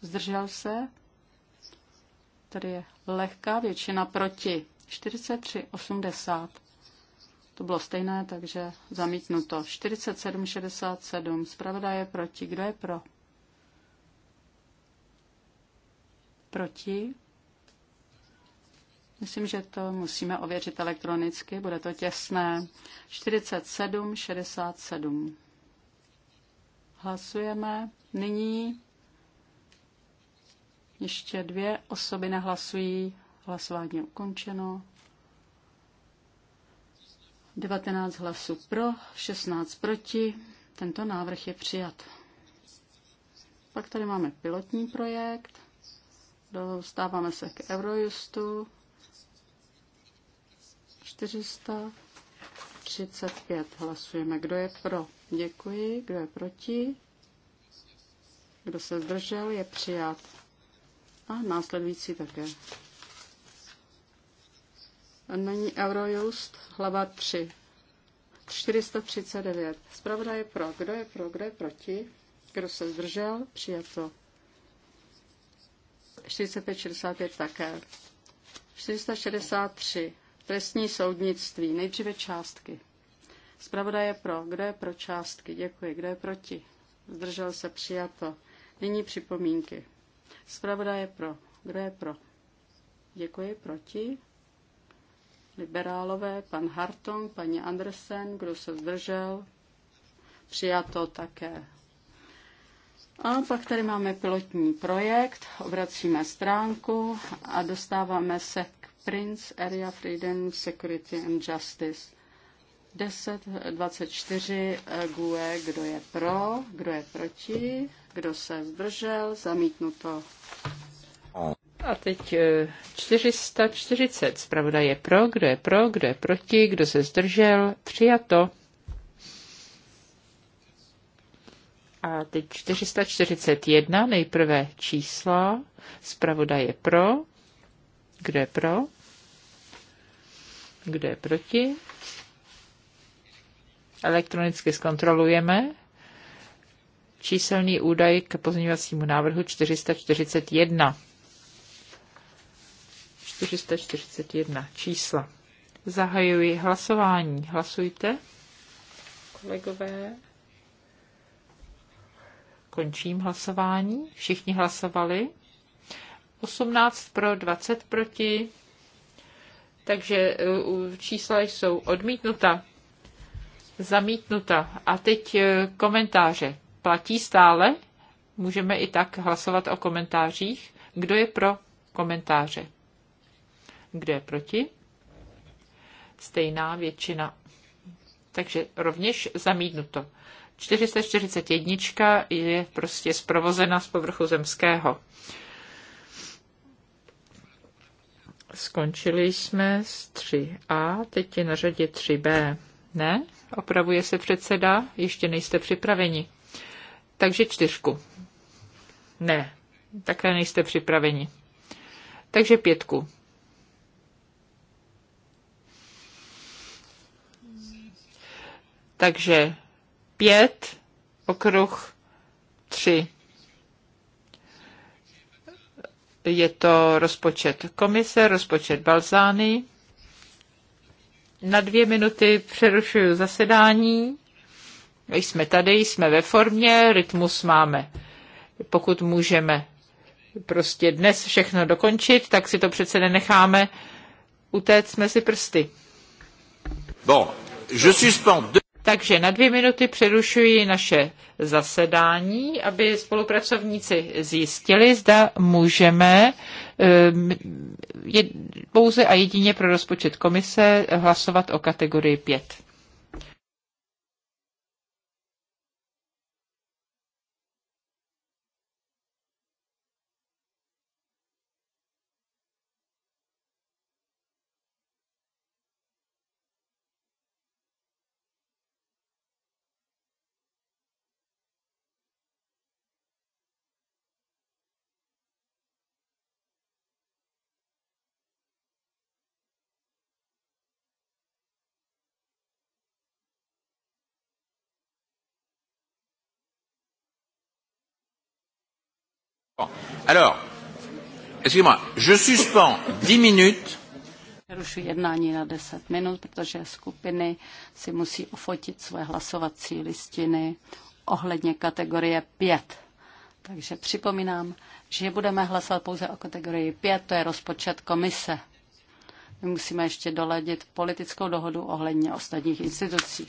zdržel se, tady je lehká většina proti, 43. 80. To bylo stejné, takže zamítnuto. 47, 67. je proti. Kdo je pro? Proti. Myslím, že to musíme ověřit elektronicky, bude to těsné. 47, 67. Hlasujeme. Nyní ještě dvě osoby nehlasují. Hlasování je ukončeno. 19 hlasů pro, 16 proti. Tento návrh je přijat. Pak tady máme pilotní projekt. Dostáváme se k Eurojustu. 435 hlasujeme. Kdo je pro? Děkuji. Kdo je proti? Kdo se zdržel, je přijat. A následující také. A není Eurojust, hlava 3. 439. Zpravda je pro. Kdo je pro, kdo je proti? Kdo se zdržel? Přijato. 45.65 také. 463. Trestní soudnictví. Nejdříve částky. Zpravda je pro. Kdo je pro částky? Děkuji. Kdo je proti? Zdržel se přijato. Nyní připomínky. Zpravda je pro. Kdo je pro? Děkuji. Proti? liberálové, pan Hartong, paní Andersen, kdo se zdržel, přijato také. A pak tady máme pilotní projekt, obracíme stránku a dostáváme se k Prince Area Freedom, Security and Justice. 10, 24 GUE, kdo je pro, kdo je proti, kdo se zdržel, zamítnuto. A teď 440. Eh, Zpravda je pro, kdo je pro, kdo je proti, kdo se zdržel. Přijato. A teď 441, nejprve čísla. Zpravoda je pro. Kdo je pro? Kdo je proti? Elektronicky zkontrolujeme číselný údaj k pozměňovacímu návrhu 441. 441 čísla. Zahajuji hlasování. Hlasujte, kolegové. Končím hlasování. Všichni hlasovali. 18 pro, 20 proti. Takže eh, čísla jsou odmítnuta, zamítnuta. A teď eh, komentáře. Platí stále? Můžeme i tak hlasovat o komentářích. Kdo je pro komentáře? Kdo je proti? Stejná většina. Takže rovněž zamítnuto. 441 je prostě zprovozena z povrchu zemského. Skončili jsme s 3A, teď je na řadě 3B. Ne? Opravuje se předseda, ještě nejste připraveni. Takže čtyřku. Ne, také nejste připraveni. Takže pětku. Takže pět, okruh tři. Je to rozpočet komise, rozpočet Balzány. Na dvě minuty přerušuju zasedání. Jsme tady, jsme ve formě, rytmus máme. Pokud můžeme prostě dnes všechno dokončit, tak si to přece nenecháme utéct mezi prsty. Bon, je suspend. Takže na dvě minuty přerušuji naše zasedání, aby spolupracovníci zjistili, zda můžeme ehm, je, pouze a jedině pro rozpočet komise hlasovat o kategorii 5. Alors, excusez-moi, je suspends 10 minutes. Přerušuji jednání na 10 minut, protože skupiny si musí ofotit své hlasovací listiny ohledně kategorie 5. Takže připomínám, že budeme hlasovat pouze o kategorii 5, to je rozpočet komise. My musíme ještě doladit politickou dohodu ohledně ostatních institucí.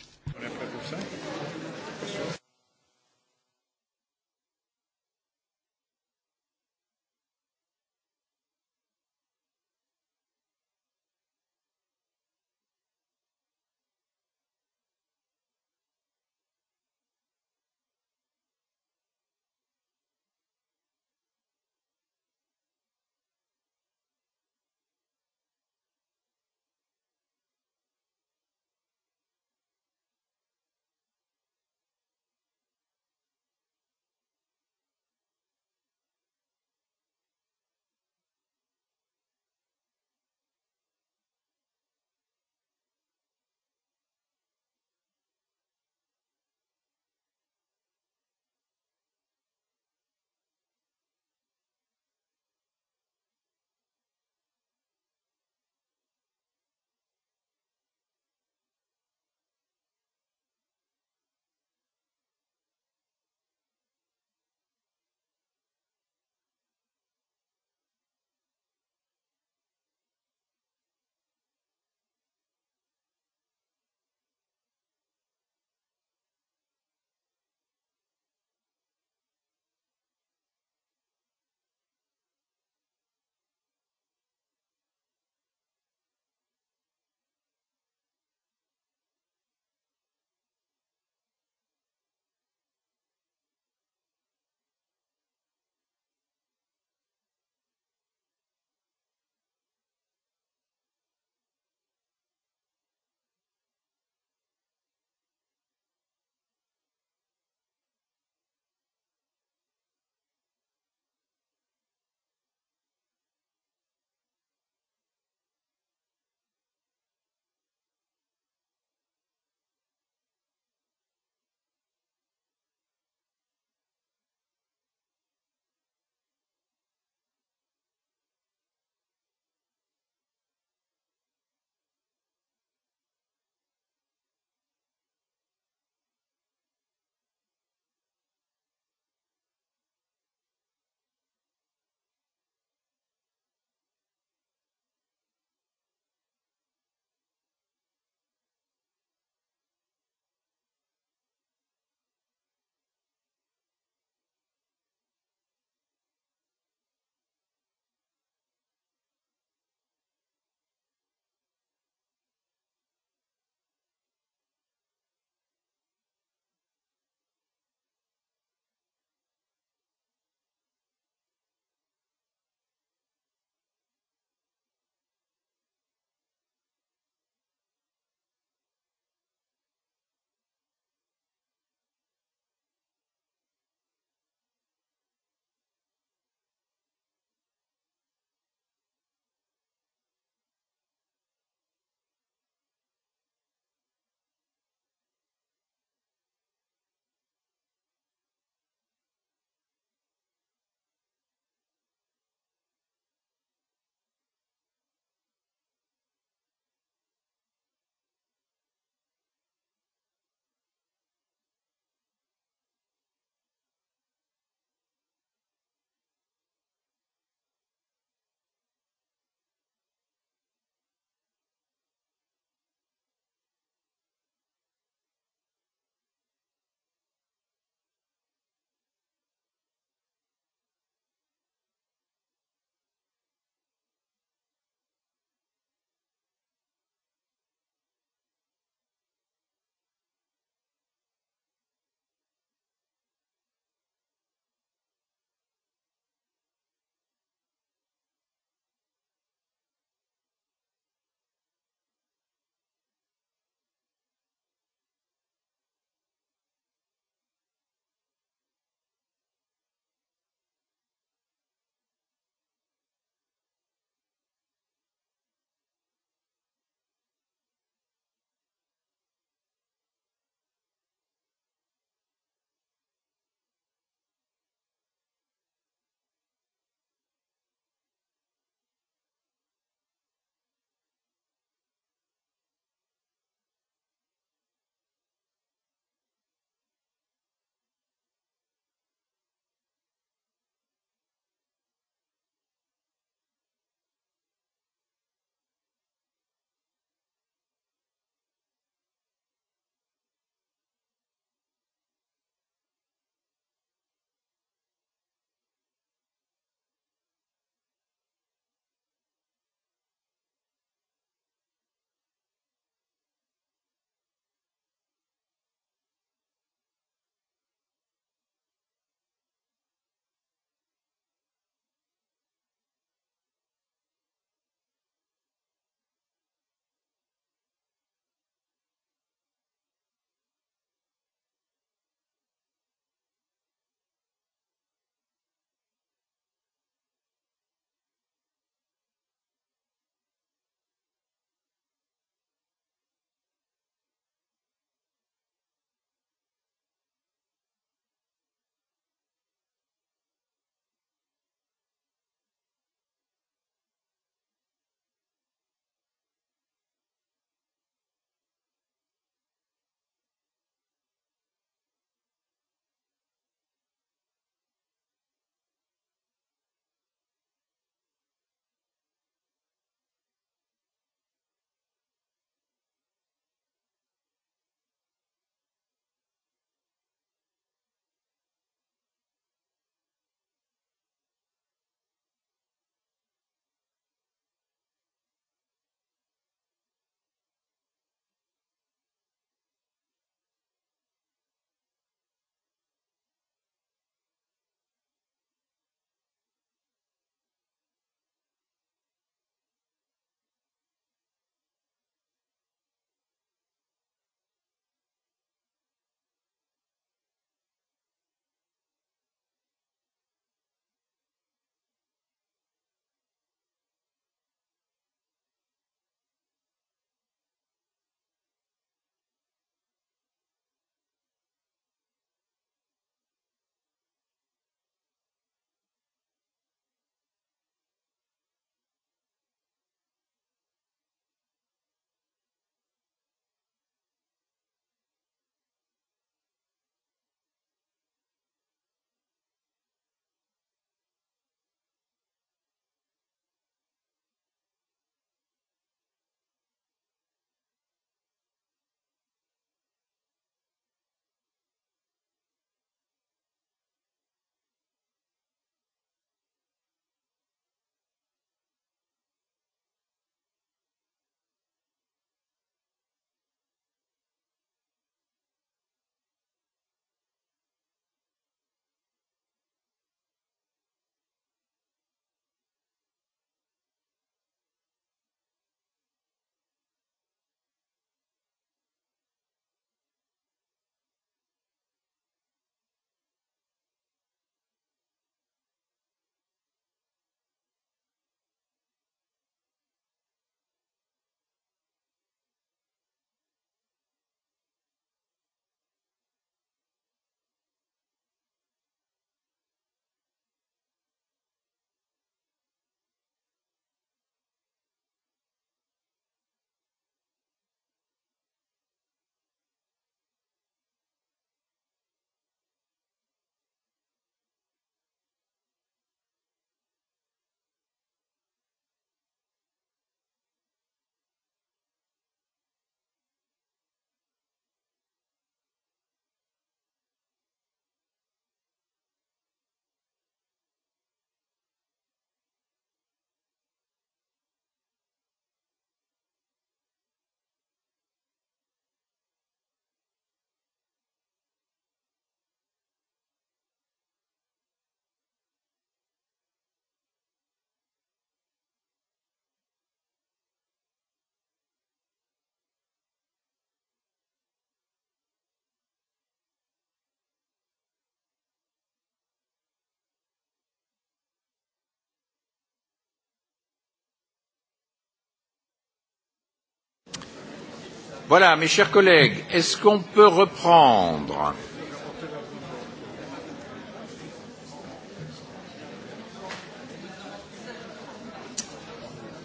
Voilà, mes chers collègues, est-ce qu'on peut reprendre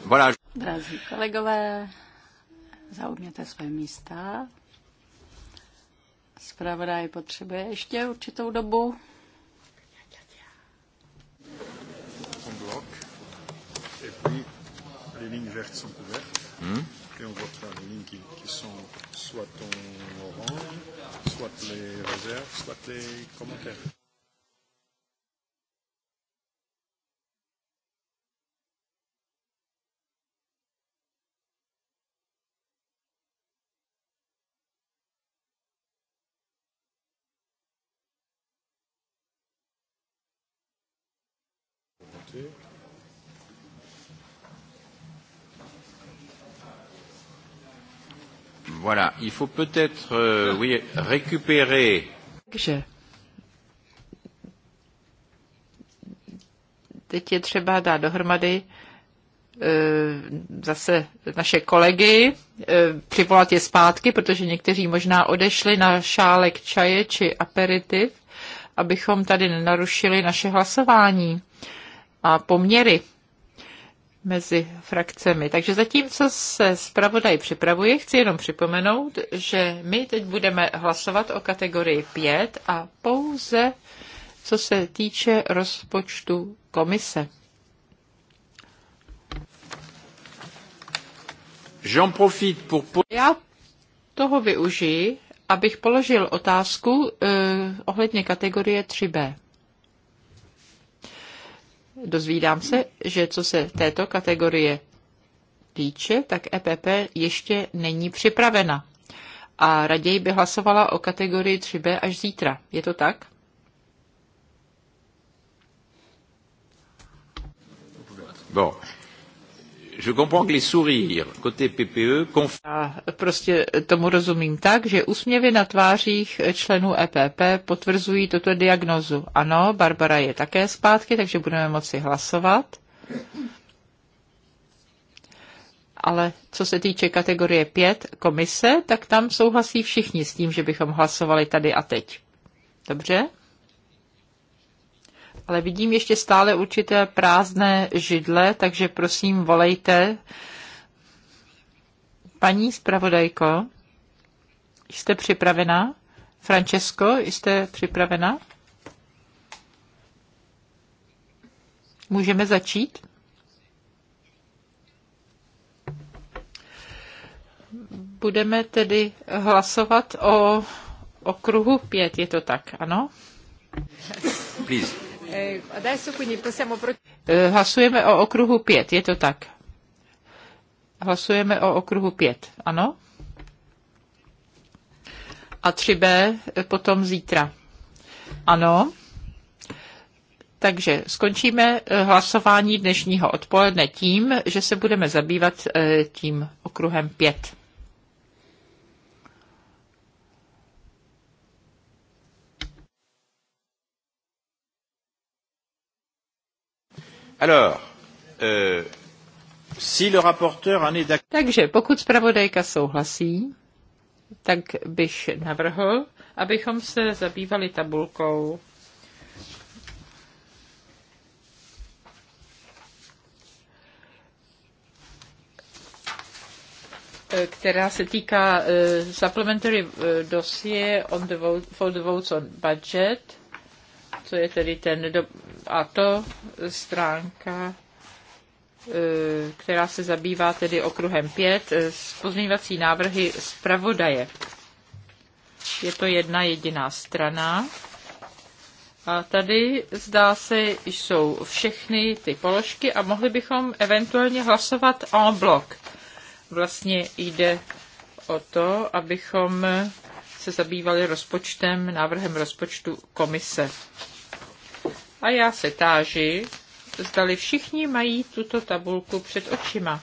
Voilà. Drazí kolegové, zaujměte své místa. Zpravodaj potřebuje ještě určitou dobu. Hmm? Et on votera les lignes qui, qui sont soit en orange, soit les réserves, soit les commentaires. Voilà, il faut peut-être euh, oui, récupérer. Takže teď je třeba dát dohromady eh, zase naše kolegy, eh, přivolat je zpátky, protože někteří možná odešli na šálek čaje či aperitiv, abychom tady nenarušili naše hlasování a poměry mezi frakcemi. Takže zatímco se zpravodaj připravuje, chci jenom připomenout, že my teď budeme hlasovat o kategorii 5 a pouze co se týče rozpočtu komise. Já toho využiji, abych položil otázku eh, ohledně kategorie 3B dozvídám se, že co se této kategorie týče, tak EPP ještě není připravena a raději by hlasovala o kategorii 3B až zítra. Je to tak? No. Je comprends que les sourires côté PPE Já prostě tomu rozumím tak, že úsměvy na tvářích členů EPP potvrzují tuto diagnozu. Ano, Barbara je také zpátky, takže budeme moci hlasovat. Ale co se týče kategorie 5 komise, tak tam souhlasí všichni s tím, že bychom hlasovali tady a teď. Dobře? Ale vidím ještě stále určité prázdné židle, takže prosím, volejte. Paní zpravodajko, jste připravená? Francesco, jste připravena? Můžeme začít? Budeme tedy hlasovat o okruhu pět, je to tak, ano? Please. Eh, eh, hlasujeme o okruhu 5, je to tak? Hlasujeme o okruhu 5, ano? A 3B eh, potom zítra. Ano. Takže skončíme hlasování dnešního odpoledne tím, že se budeme zabývat tím okruhem 5. Euh, Takže pokud zpravodajka souhlasí, tak bych navrhl, abychom se zabývali tabulkou eh, která se týká uh, supplementary uh, dossier on the vote, for the votes on budget to je tedy ten, do... a to stránka, e, která se zabývá tedy okruhem 5, e, pozměňovací návrhy zpravodaje. Je to jedna jediná strana. A tady zdá se, jsou všechny ty položky a mohli bychom eventuálně hlasovat en bloc. Vlastně jde o to, abychom se zabývali rozpočtem, návrhem rozpočtu komise. A já se táži, zdali všichni mají tuto tabulku před očima.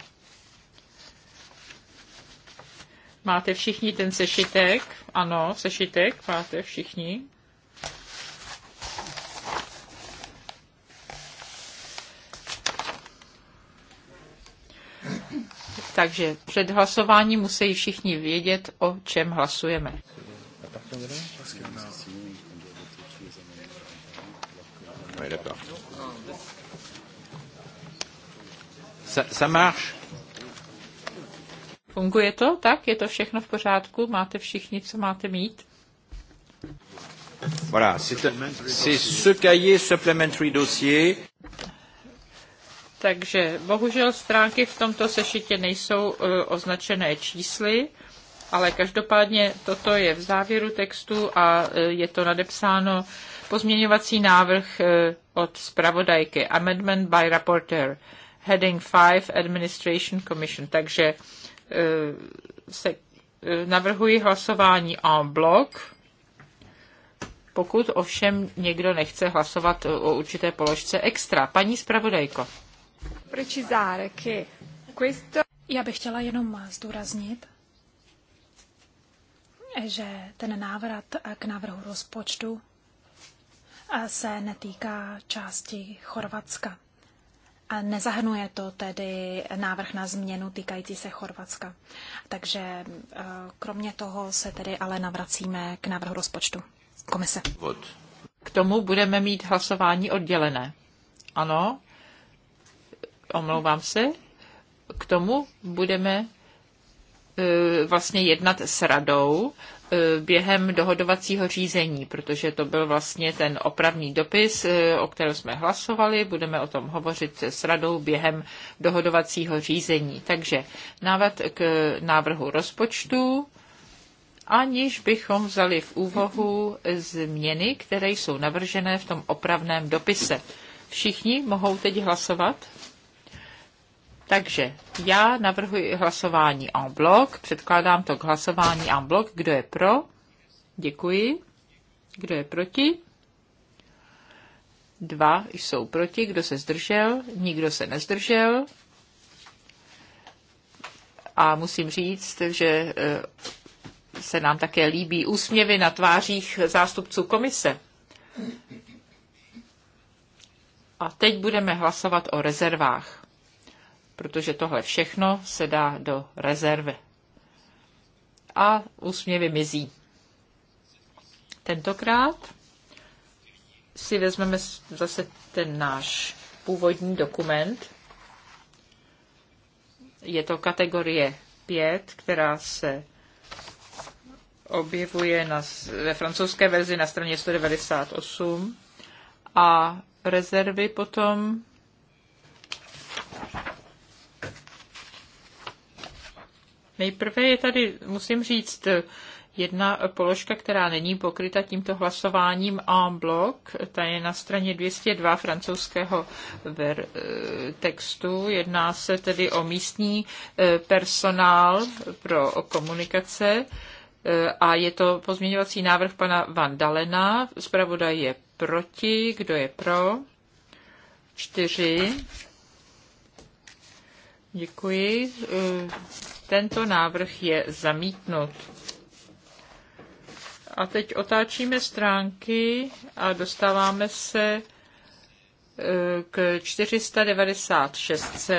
Máte všichni ten sešitek? Ano, sešitek máte všichni. Takže před hlasováním musí všichni vědět, o čem hlasujeme. Oui, d'accord. Ça, ça marche Funguje to? Tak? Je to všechno v pořádku? Máte všichni, co máte mít? Voilà, c'est ce cahier supplementary dossier. Takže bohužel stránky v tomto sešitě nejsou uh, označené čísly, ale každopádně toto je v závěru textu a uh, je to nadepsáno uh, Pozměňovací návrh eh, od zpravodajky Amendment by Rapporteur Heading 5 Administration Commission. Takže eh, se eh, navrhuji hlasování en bloc, pokud ovšem někdo nechce hlasovat o určité položce extra. Paní zpravodajko. Já bych chtěla jenom zdůraznit, že ten návrat k návrhu rozpočtu se netýká části Chorvatska. A nezahrnuje to tedy návrh na změnu týkající se Chorvatska. Takže eh, kromě toho se tedy ale navracíme k návrhu rozpočtu komise. K tomu budeme mít hlasování oddělené. Ano, omlouvám se. K tomu budeme eh, vlastně jednat s radou E, během dohodovacího řízení, protože to byl vlastně ten opravný dopis, e, o kterém jsme hlasovali. Budeme o tom hovořit s radou během dohodovacího řízení. Takže návrat k návrhu rozpočtu aniž bychom vzali v úvahu změny, které jsou navržené v tom opravném dopise. Všichni mohou teď hlasovat? Takže já navrhuji hlasování en blok, předkládám to k hlasování en blok. Kdo je pro? Děkuji. Kdo je proti? Dva jsou proti. Kdo se zdržel? Nikdo se nezdržel. A musím říct, že eh, se nám také líbí úsměvy na tvářích zástupců komise. A teď budeme hlasovat o rezervách protože tohle všechno se dá do rezervy. A úsměvy mizí. Tentokrát si vezmeme zase ten náš původní dokument. Je to kategorie 5, která se objevuje na, ve francouzské verzi na straně 198 a rezervy potom Nejprve je tady, musím říct, jedna položka, která není pokryta tímto hlasováním en bloc, ta je na straně 202 francouzského ver, eh, textu. Jedná se tedy o místní eh, personál pro komunikace eh, a je to pozměňovací návrh pana Van Dalena. Zpravodaj je proti, kdo je pro? Čtyři. Děkuji. Tento návrh je zamítnut. A teď otáčíme stránky a dostáváme se e, k 496.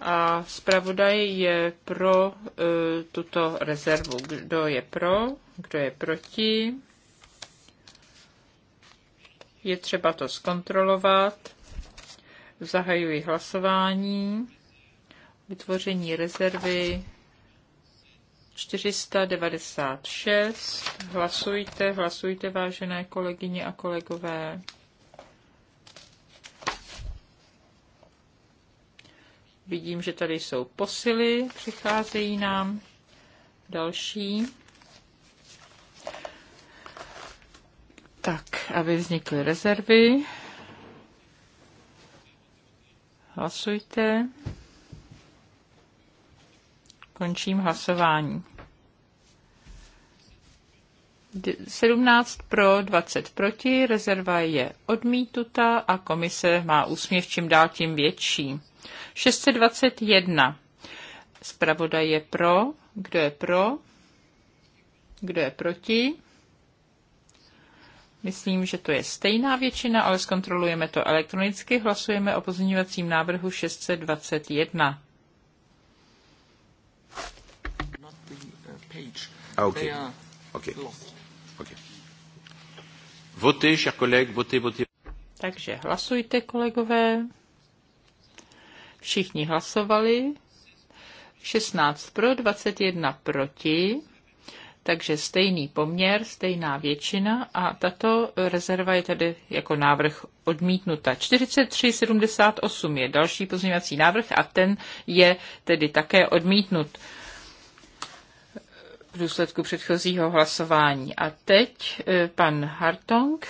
A zpravodaj je pro e, tuto rezervu. Kdo je pro, kdo je proti? Je třeba to zkontrolovat. Zahajuji hlasování vytvoření rezervy 496. Hlasujte, hlasujte, vážené kolegyně a kolegové. Vidím, že tady jsou posily, přicházejí nám další. Tak, aby vznikly rezervy. Hlasujte. Končím hlasování. 17 pro, 20 proti, rezerva je odmítuta a komise má úsměv čím dál tím větší. 621. Zpravodaj je pro. Kdo je pro? Kdo je proti? Myslím, že to je stejná většina, ale zkontrolujeme to elektronicky. Hlasujeme o pozměňovacím návrhu 621. Ah, ok. Ok. Votez, chers collègues, votez, votez. Takže hlasujte, kolegové. Všichni hlasovali. 16 pro, 21 proti. Takže stejný poměr, stejná většina a tato rezerva je tedy jako návrh odmítnuta. 43,78 je další pozměňovací návrh a ten je tedy také odmítnut v důsledku předchozího hlasování. A teď eh, pan Hartong.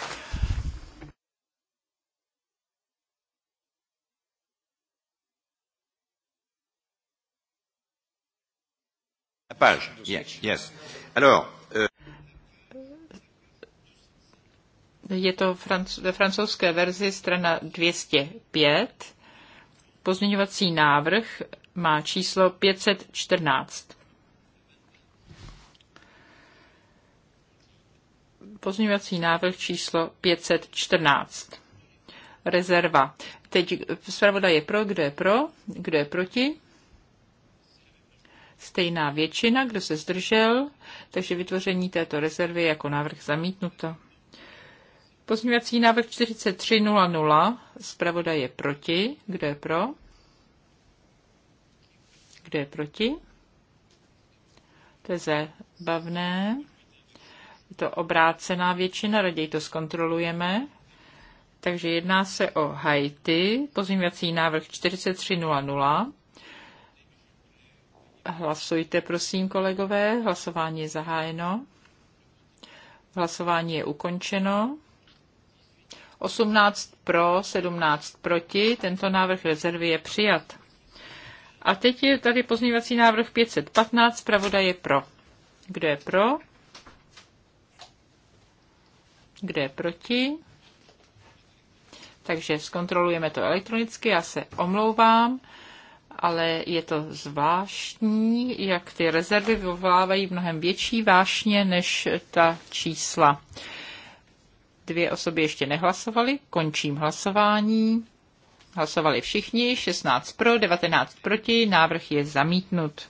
Page. Yes. yes. Alors, euh, Je to ve francouzské verzi strana 205. Pozměňovací návrh má číslo 514. Pozměňovací návrh číslo 514. Rezerva. Teď zpravodaj je pro, kdo je pro, kdo je proti. Stejná většina, kdo se zdržel, takže vytvoření této rezervy je jako návrh zamítnuto. Pozměňovací návrh 4300, zpravodaj je proti, kdo je pro, kdo je proti. To je zabavné to obrácená většina, raději to zkontrolujeme. Takže jedná se o Haiti, pozměňovací návrh 4300. Hlasujte, prosím, kolegové. Hlasování je zahájeno. Hlasování je ukončeno. 18 pro, 17 proti. Tento návrh rezervy je přijat. A teď je tady pozměňovací návrh 515, pravoda je pro. Kdo je pro? Kdo je proti? Takže zkontrolujeme to elektronicky, já se omlouvám, ale je to zvláštní, jak ty rezervy vyvolávají mnohem větší vášně než ta čísla. Dvě osoby ještě nehlasovaly, končím hlasování. Hlasovali všichni, 16 pro, 19 proti, návrh je zamítnut.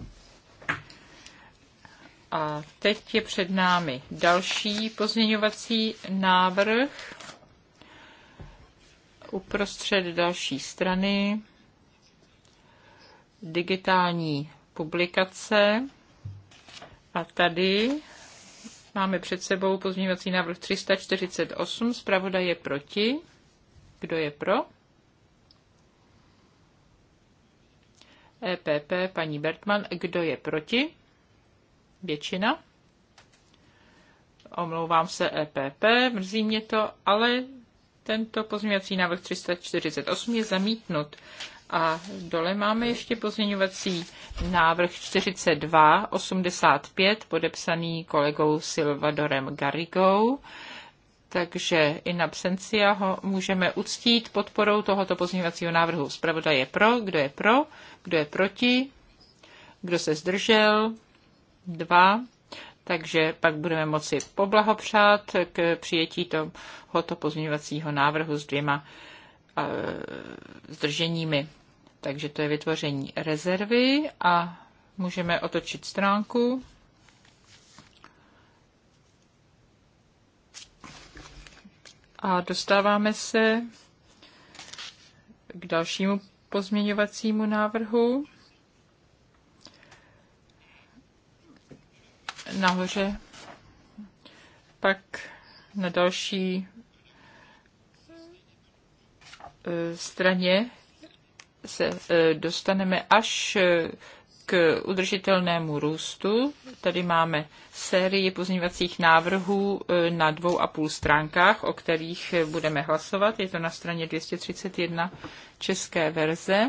A teď je před námi další pozměňovací návrh uprostřed další strany digitální publikace. A tady máme před sebou pozměňovací návrh 348. Zpravoda je proti. Kdo je pro? EPP, paní Bertman. Kdo je proti? většina. Omlouvám se EPP, mrzí mě to, ale tento pozměňovací návrh 348 je zamítnut. A dole máme ještě pozměňovací návrh 4285, podepsaný kolegou Silvadorem Garrigou. Takže i na absencia ho můžeme uctít podporou tohoto pozměňovacího návrhu. Zpravodaj je pro, kdo je pro, kdo je proti, kdo se zdržel, 2, takže pak budeme moci poblahopřát k přijetí tohoto pozměňovacího návrhu s dvěma eh, zdrženími. Takže to je vytvoření rezervy a můžeme otočit stránku. A dostáváme se k dalšímu pozměňovacímu návrhu. nahoře. Pak na další e, straně se e, dostaneme až e, k udržitelnému růstu. Tady máme sérii pozměňovacích návrhů na dvou a půl stránkách, o kterých budeme hlasovat. Je to na straně 231 české verze.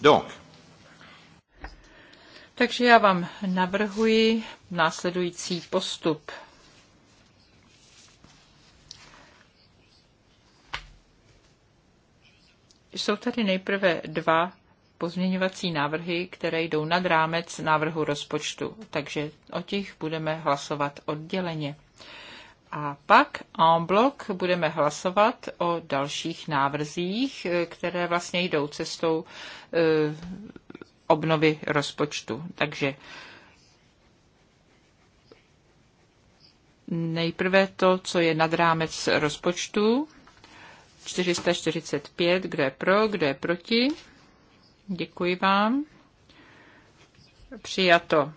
Donc. Takže já vám navrhuji následující postup. Jsou tady nejprve dva pozměňovací návrhy, které jdou nad rámec návrhu rozpočtu, takže o těch budeme hlasovat odděleně. A pak en bloc budeme hlasovat o dalších návrzích, které vlastně jdou cestou e, obnovy rozpočtu. Takže nejprve to, co je nad rámec rozpočtu. 445, kdo je pro, kdo je proti. Děkuji vám. Přijato.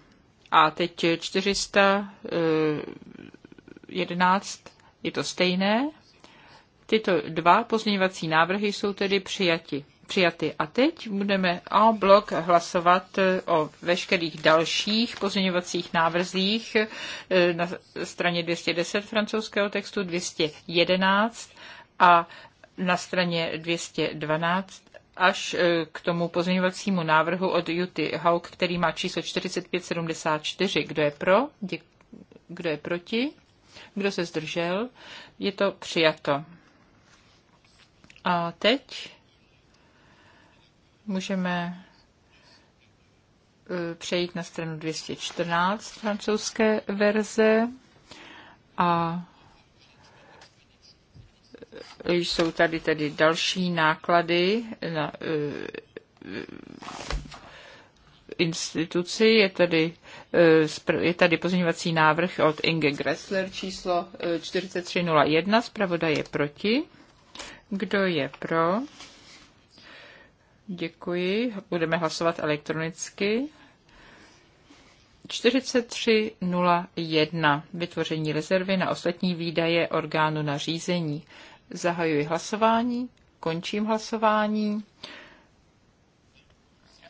A teď 400. 11 je to stejné. Tyto dva pozměňovací návrhy jsou tedy přijati. Přijaty. A teď budeme en blok hlasovat e, o veškerých dalších pozměňovacích návrzích e, na straně 210 francouzského textu, 211 a na straně 212 až e, k tomu pozměňovacímu návrhu od Juty Hauk, který má číslo 4574. Kdo je pro? Kdo je proti? Kdo se zdržel? Je to přijato. A teď můžeme e, přejít na stranu 214 francouzské verze a jsou tady tedy další náklady na e, e, instituci, je tady Eh, je tady pozměňovací návrh od Inge Gressler číslo 4301. Eh, Zpravodaj je proti. Kdo je pro? Děkuji. Budeme hlasovat elektronicky. 4301. Vytvoření rezervy na ostatní výdaje orgánu na řízení. Zahajuji hlasování. Končím hlasování.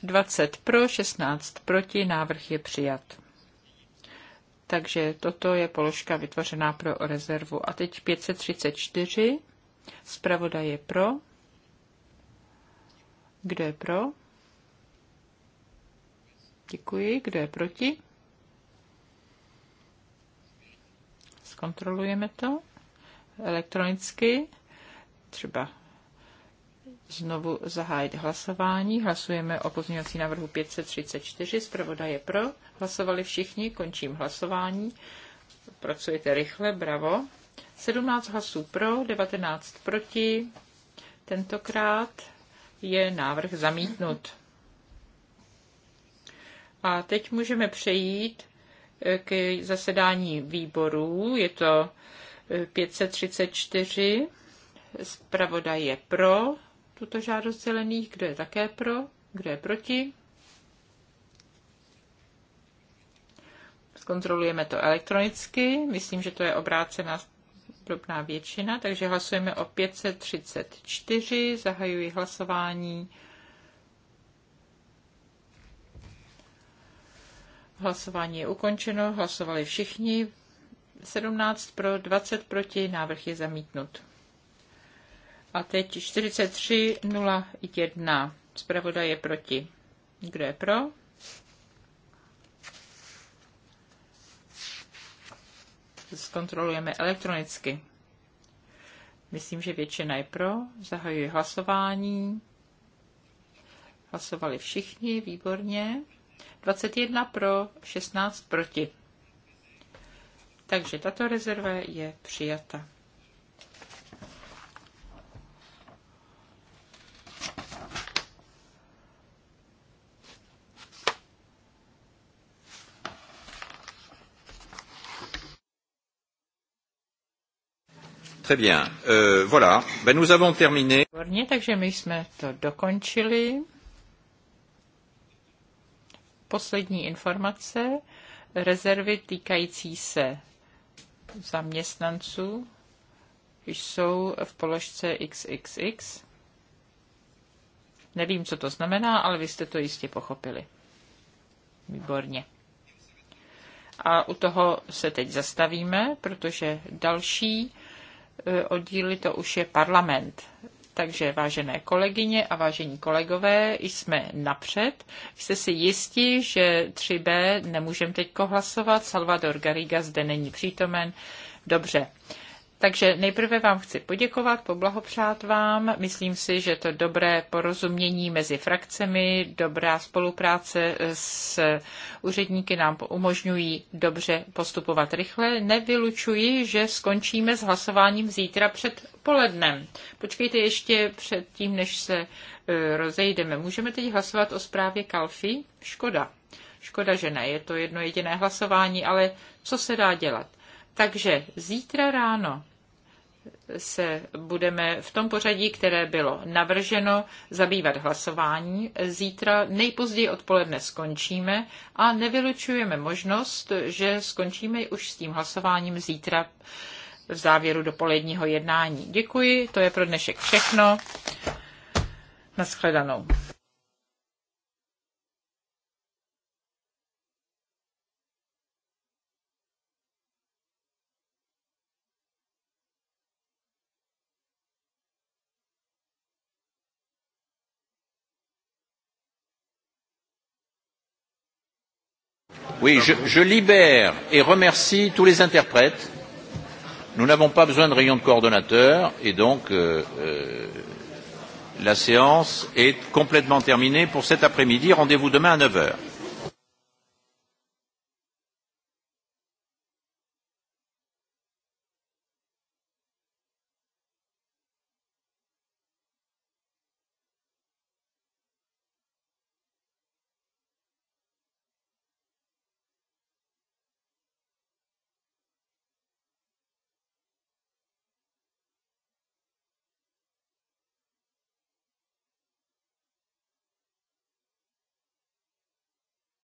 20 pro, 16 proti, návrh je přijat. Takže toto je položka vytvořená pro rezervu. A teď 534, zpravodaj je pro. Kdo je pro? Děkuji. Kdo je proti? Zkontrolujeme to elektronicky. Třeba znovu zahájit hlasování. Hlasujeme o pozměňovací návrhu 534. Zpravodaj je pro. Hlasovali všichni. Končím hlasování. Pracujete rychle. Bravo. 17 hlasů pro, 19 proti. Tentokrát je návrh zamítnut. A teď můžeme přejít eh, k zasedání výborů. Je to 534. Eh, Zpravodaj je pro, tuto žádost zelených, kdo je také pro, kdo je proti. Zkontrolujeme to elektronicky. Myslím, že to je obrácená drobná většina, takže hlasujeme o 534. Zahajuji hlasování. Hlasování je ukončeno, hlasovali všichni. 17 pro, 20 proti, návrh je zamítnut. A teď 43.01. Zpravodaj je proti. Kdo je pro? Zkontrolujeme elektronicky. Myslím, že většina je pro. Zahajuji hlasování. Hlasovali všichni, výborně. 21 pro, 16 proti. Takže tato rezerva je přijata. Très bien. Euh, voilà. Ben, nous avons terminé. Výborně, takže my jsme to dokončili. Poslední informace. Rezervy týkající se zaměstnanců jsou v položce XXX. Nevím, co to znamená, ale vy jste to jistě pochopili. Výborně. A u toho se teď zastavíme, protože další oddíly, to už je parlament. Takže vážené kolegyně a vážení kolegové, jsme napřed. Jste si jistí, že 3B nemůžeme teď hlasovat. Salvador Garriga zde není přítomen. Dobře. Uh, takže nejprve vám chci poděkovat, poblahopřát vám. Myslím si, že to dobré porozumění mezi frakcemi, dobrá spolupráce s úředníky nám umožňují dobře postupovat rychle. Nevylučuji, že skončíme s hlasováním zítra před polednem. Počkejte ještě před tím, než se e, rozejdeme. Můžeme teď hlasovat o zprávě Kalfi? Škoda. Škoda, že ne, je to jedno jediné hlasování, ale co se dá dělat? Takže zítra ráno se budeme v tom pořadí, které bylo navrženo, zabývat hlasování. Zítra nejpozději odpoledne skončíme a nevylučujeme možnost, že skončíme už s tím hlasováním zítra v závěru dopoledního jednání. Děkuji, to je pro dnešek všechno. Naschledanou. Oui, je, je libère et remercie tous les interprètes. Nous n'avons pas besoin de réunion de coordonnateurs et donc euh, euh, la séance est complètement terminée pour cet après-midi. Rendez-vous demain à 9 heures.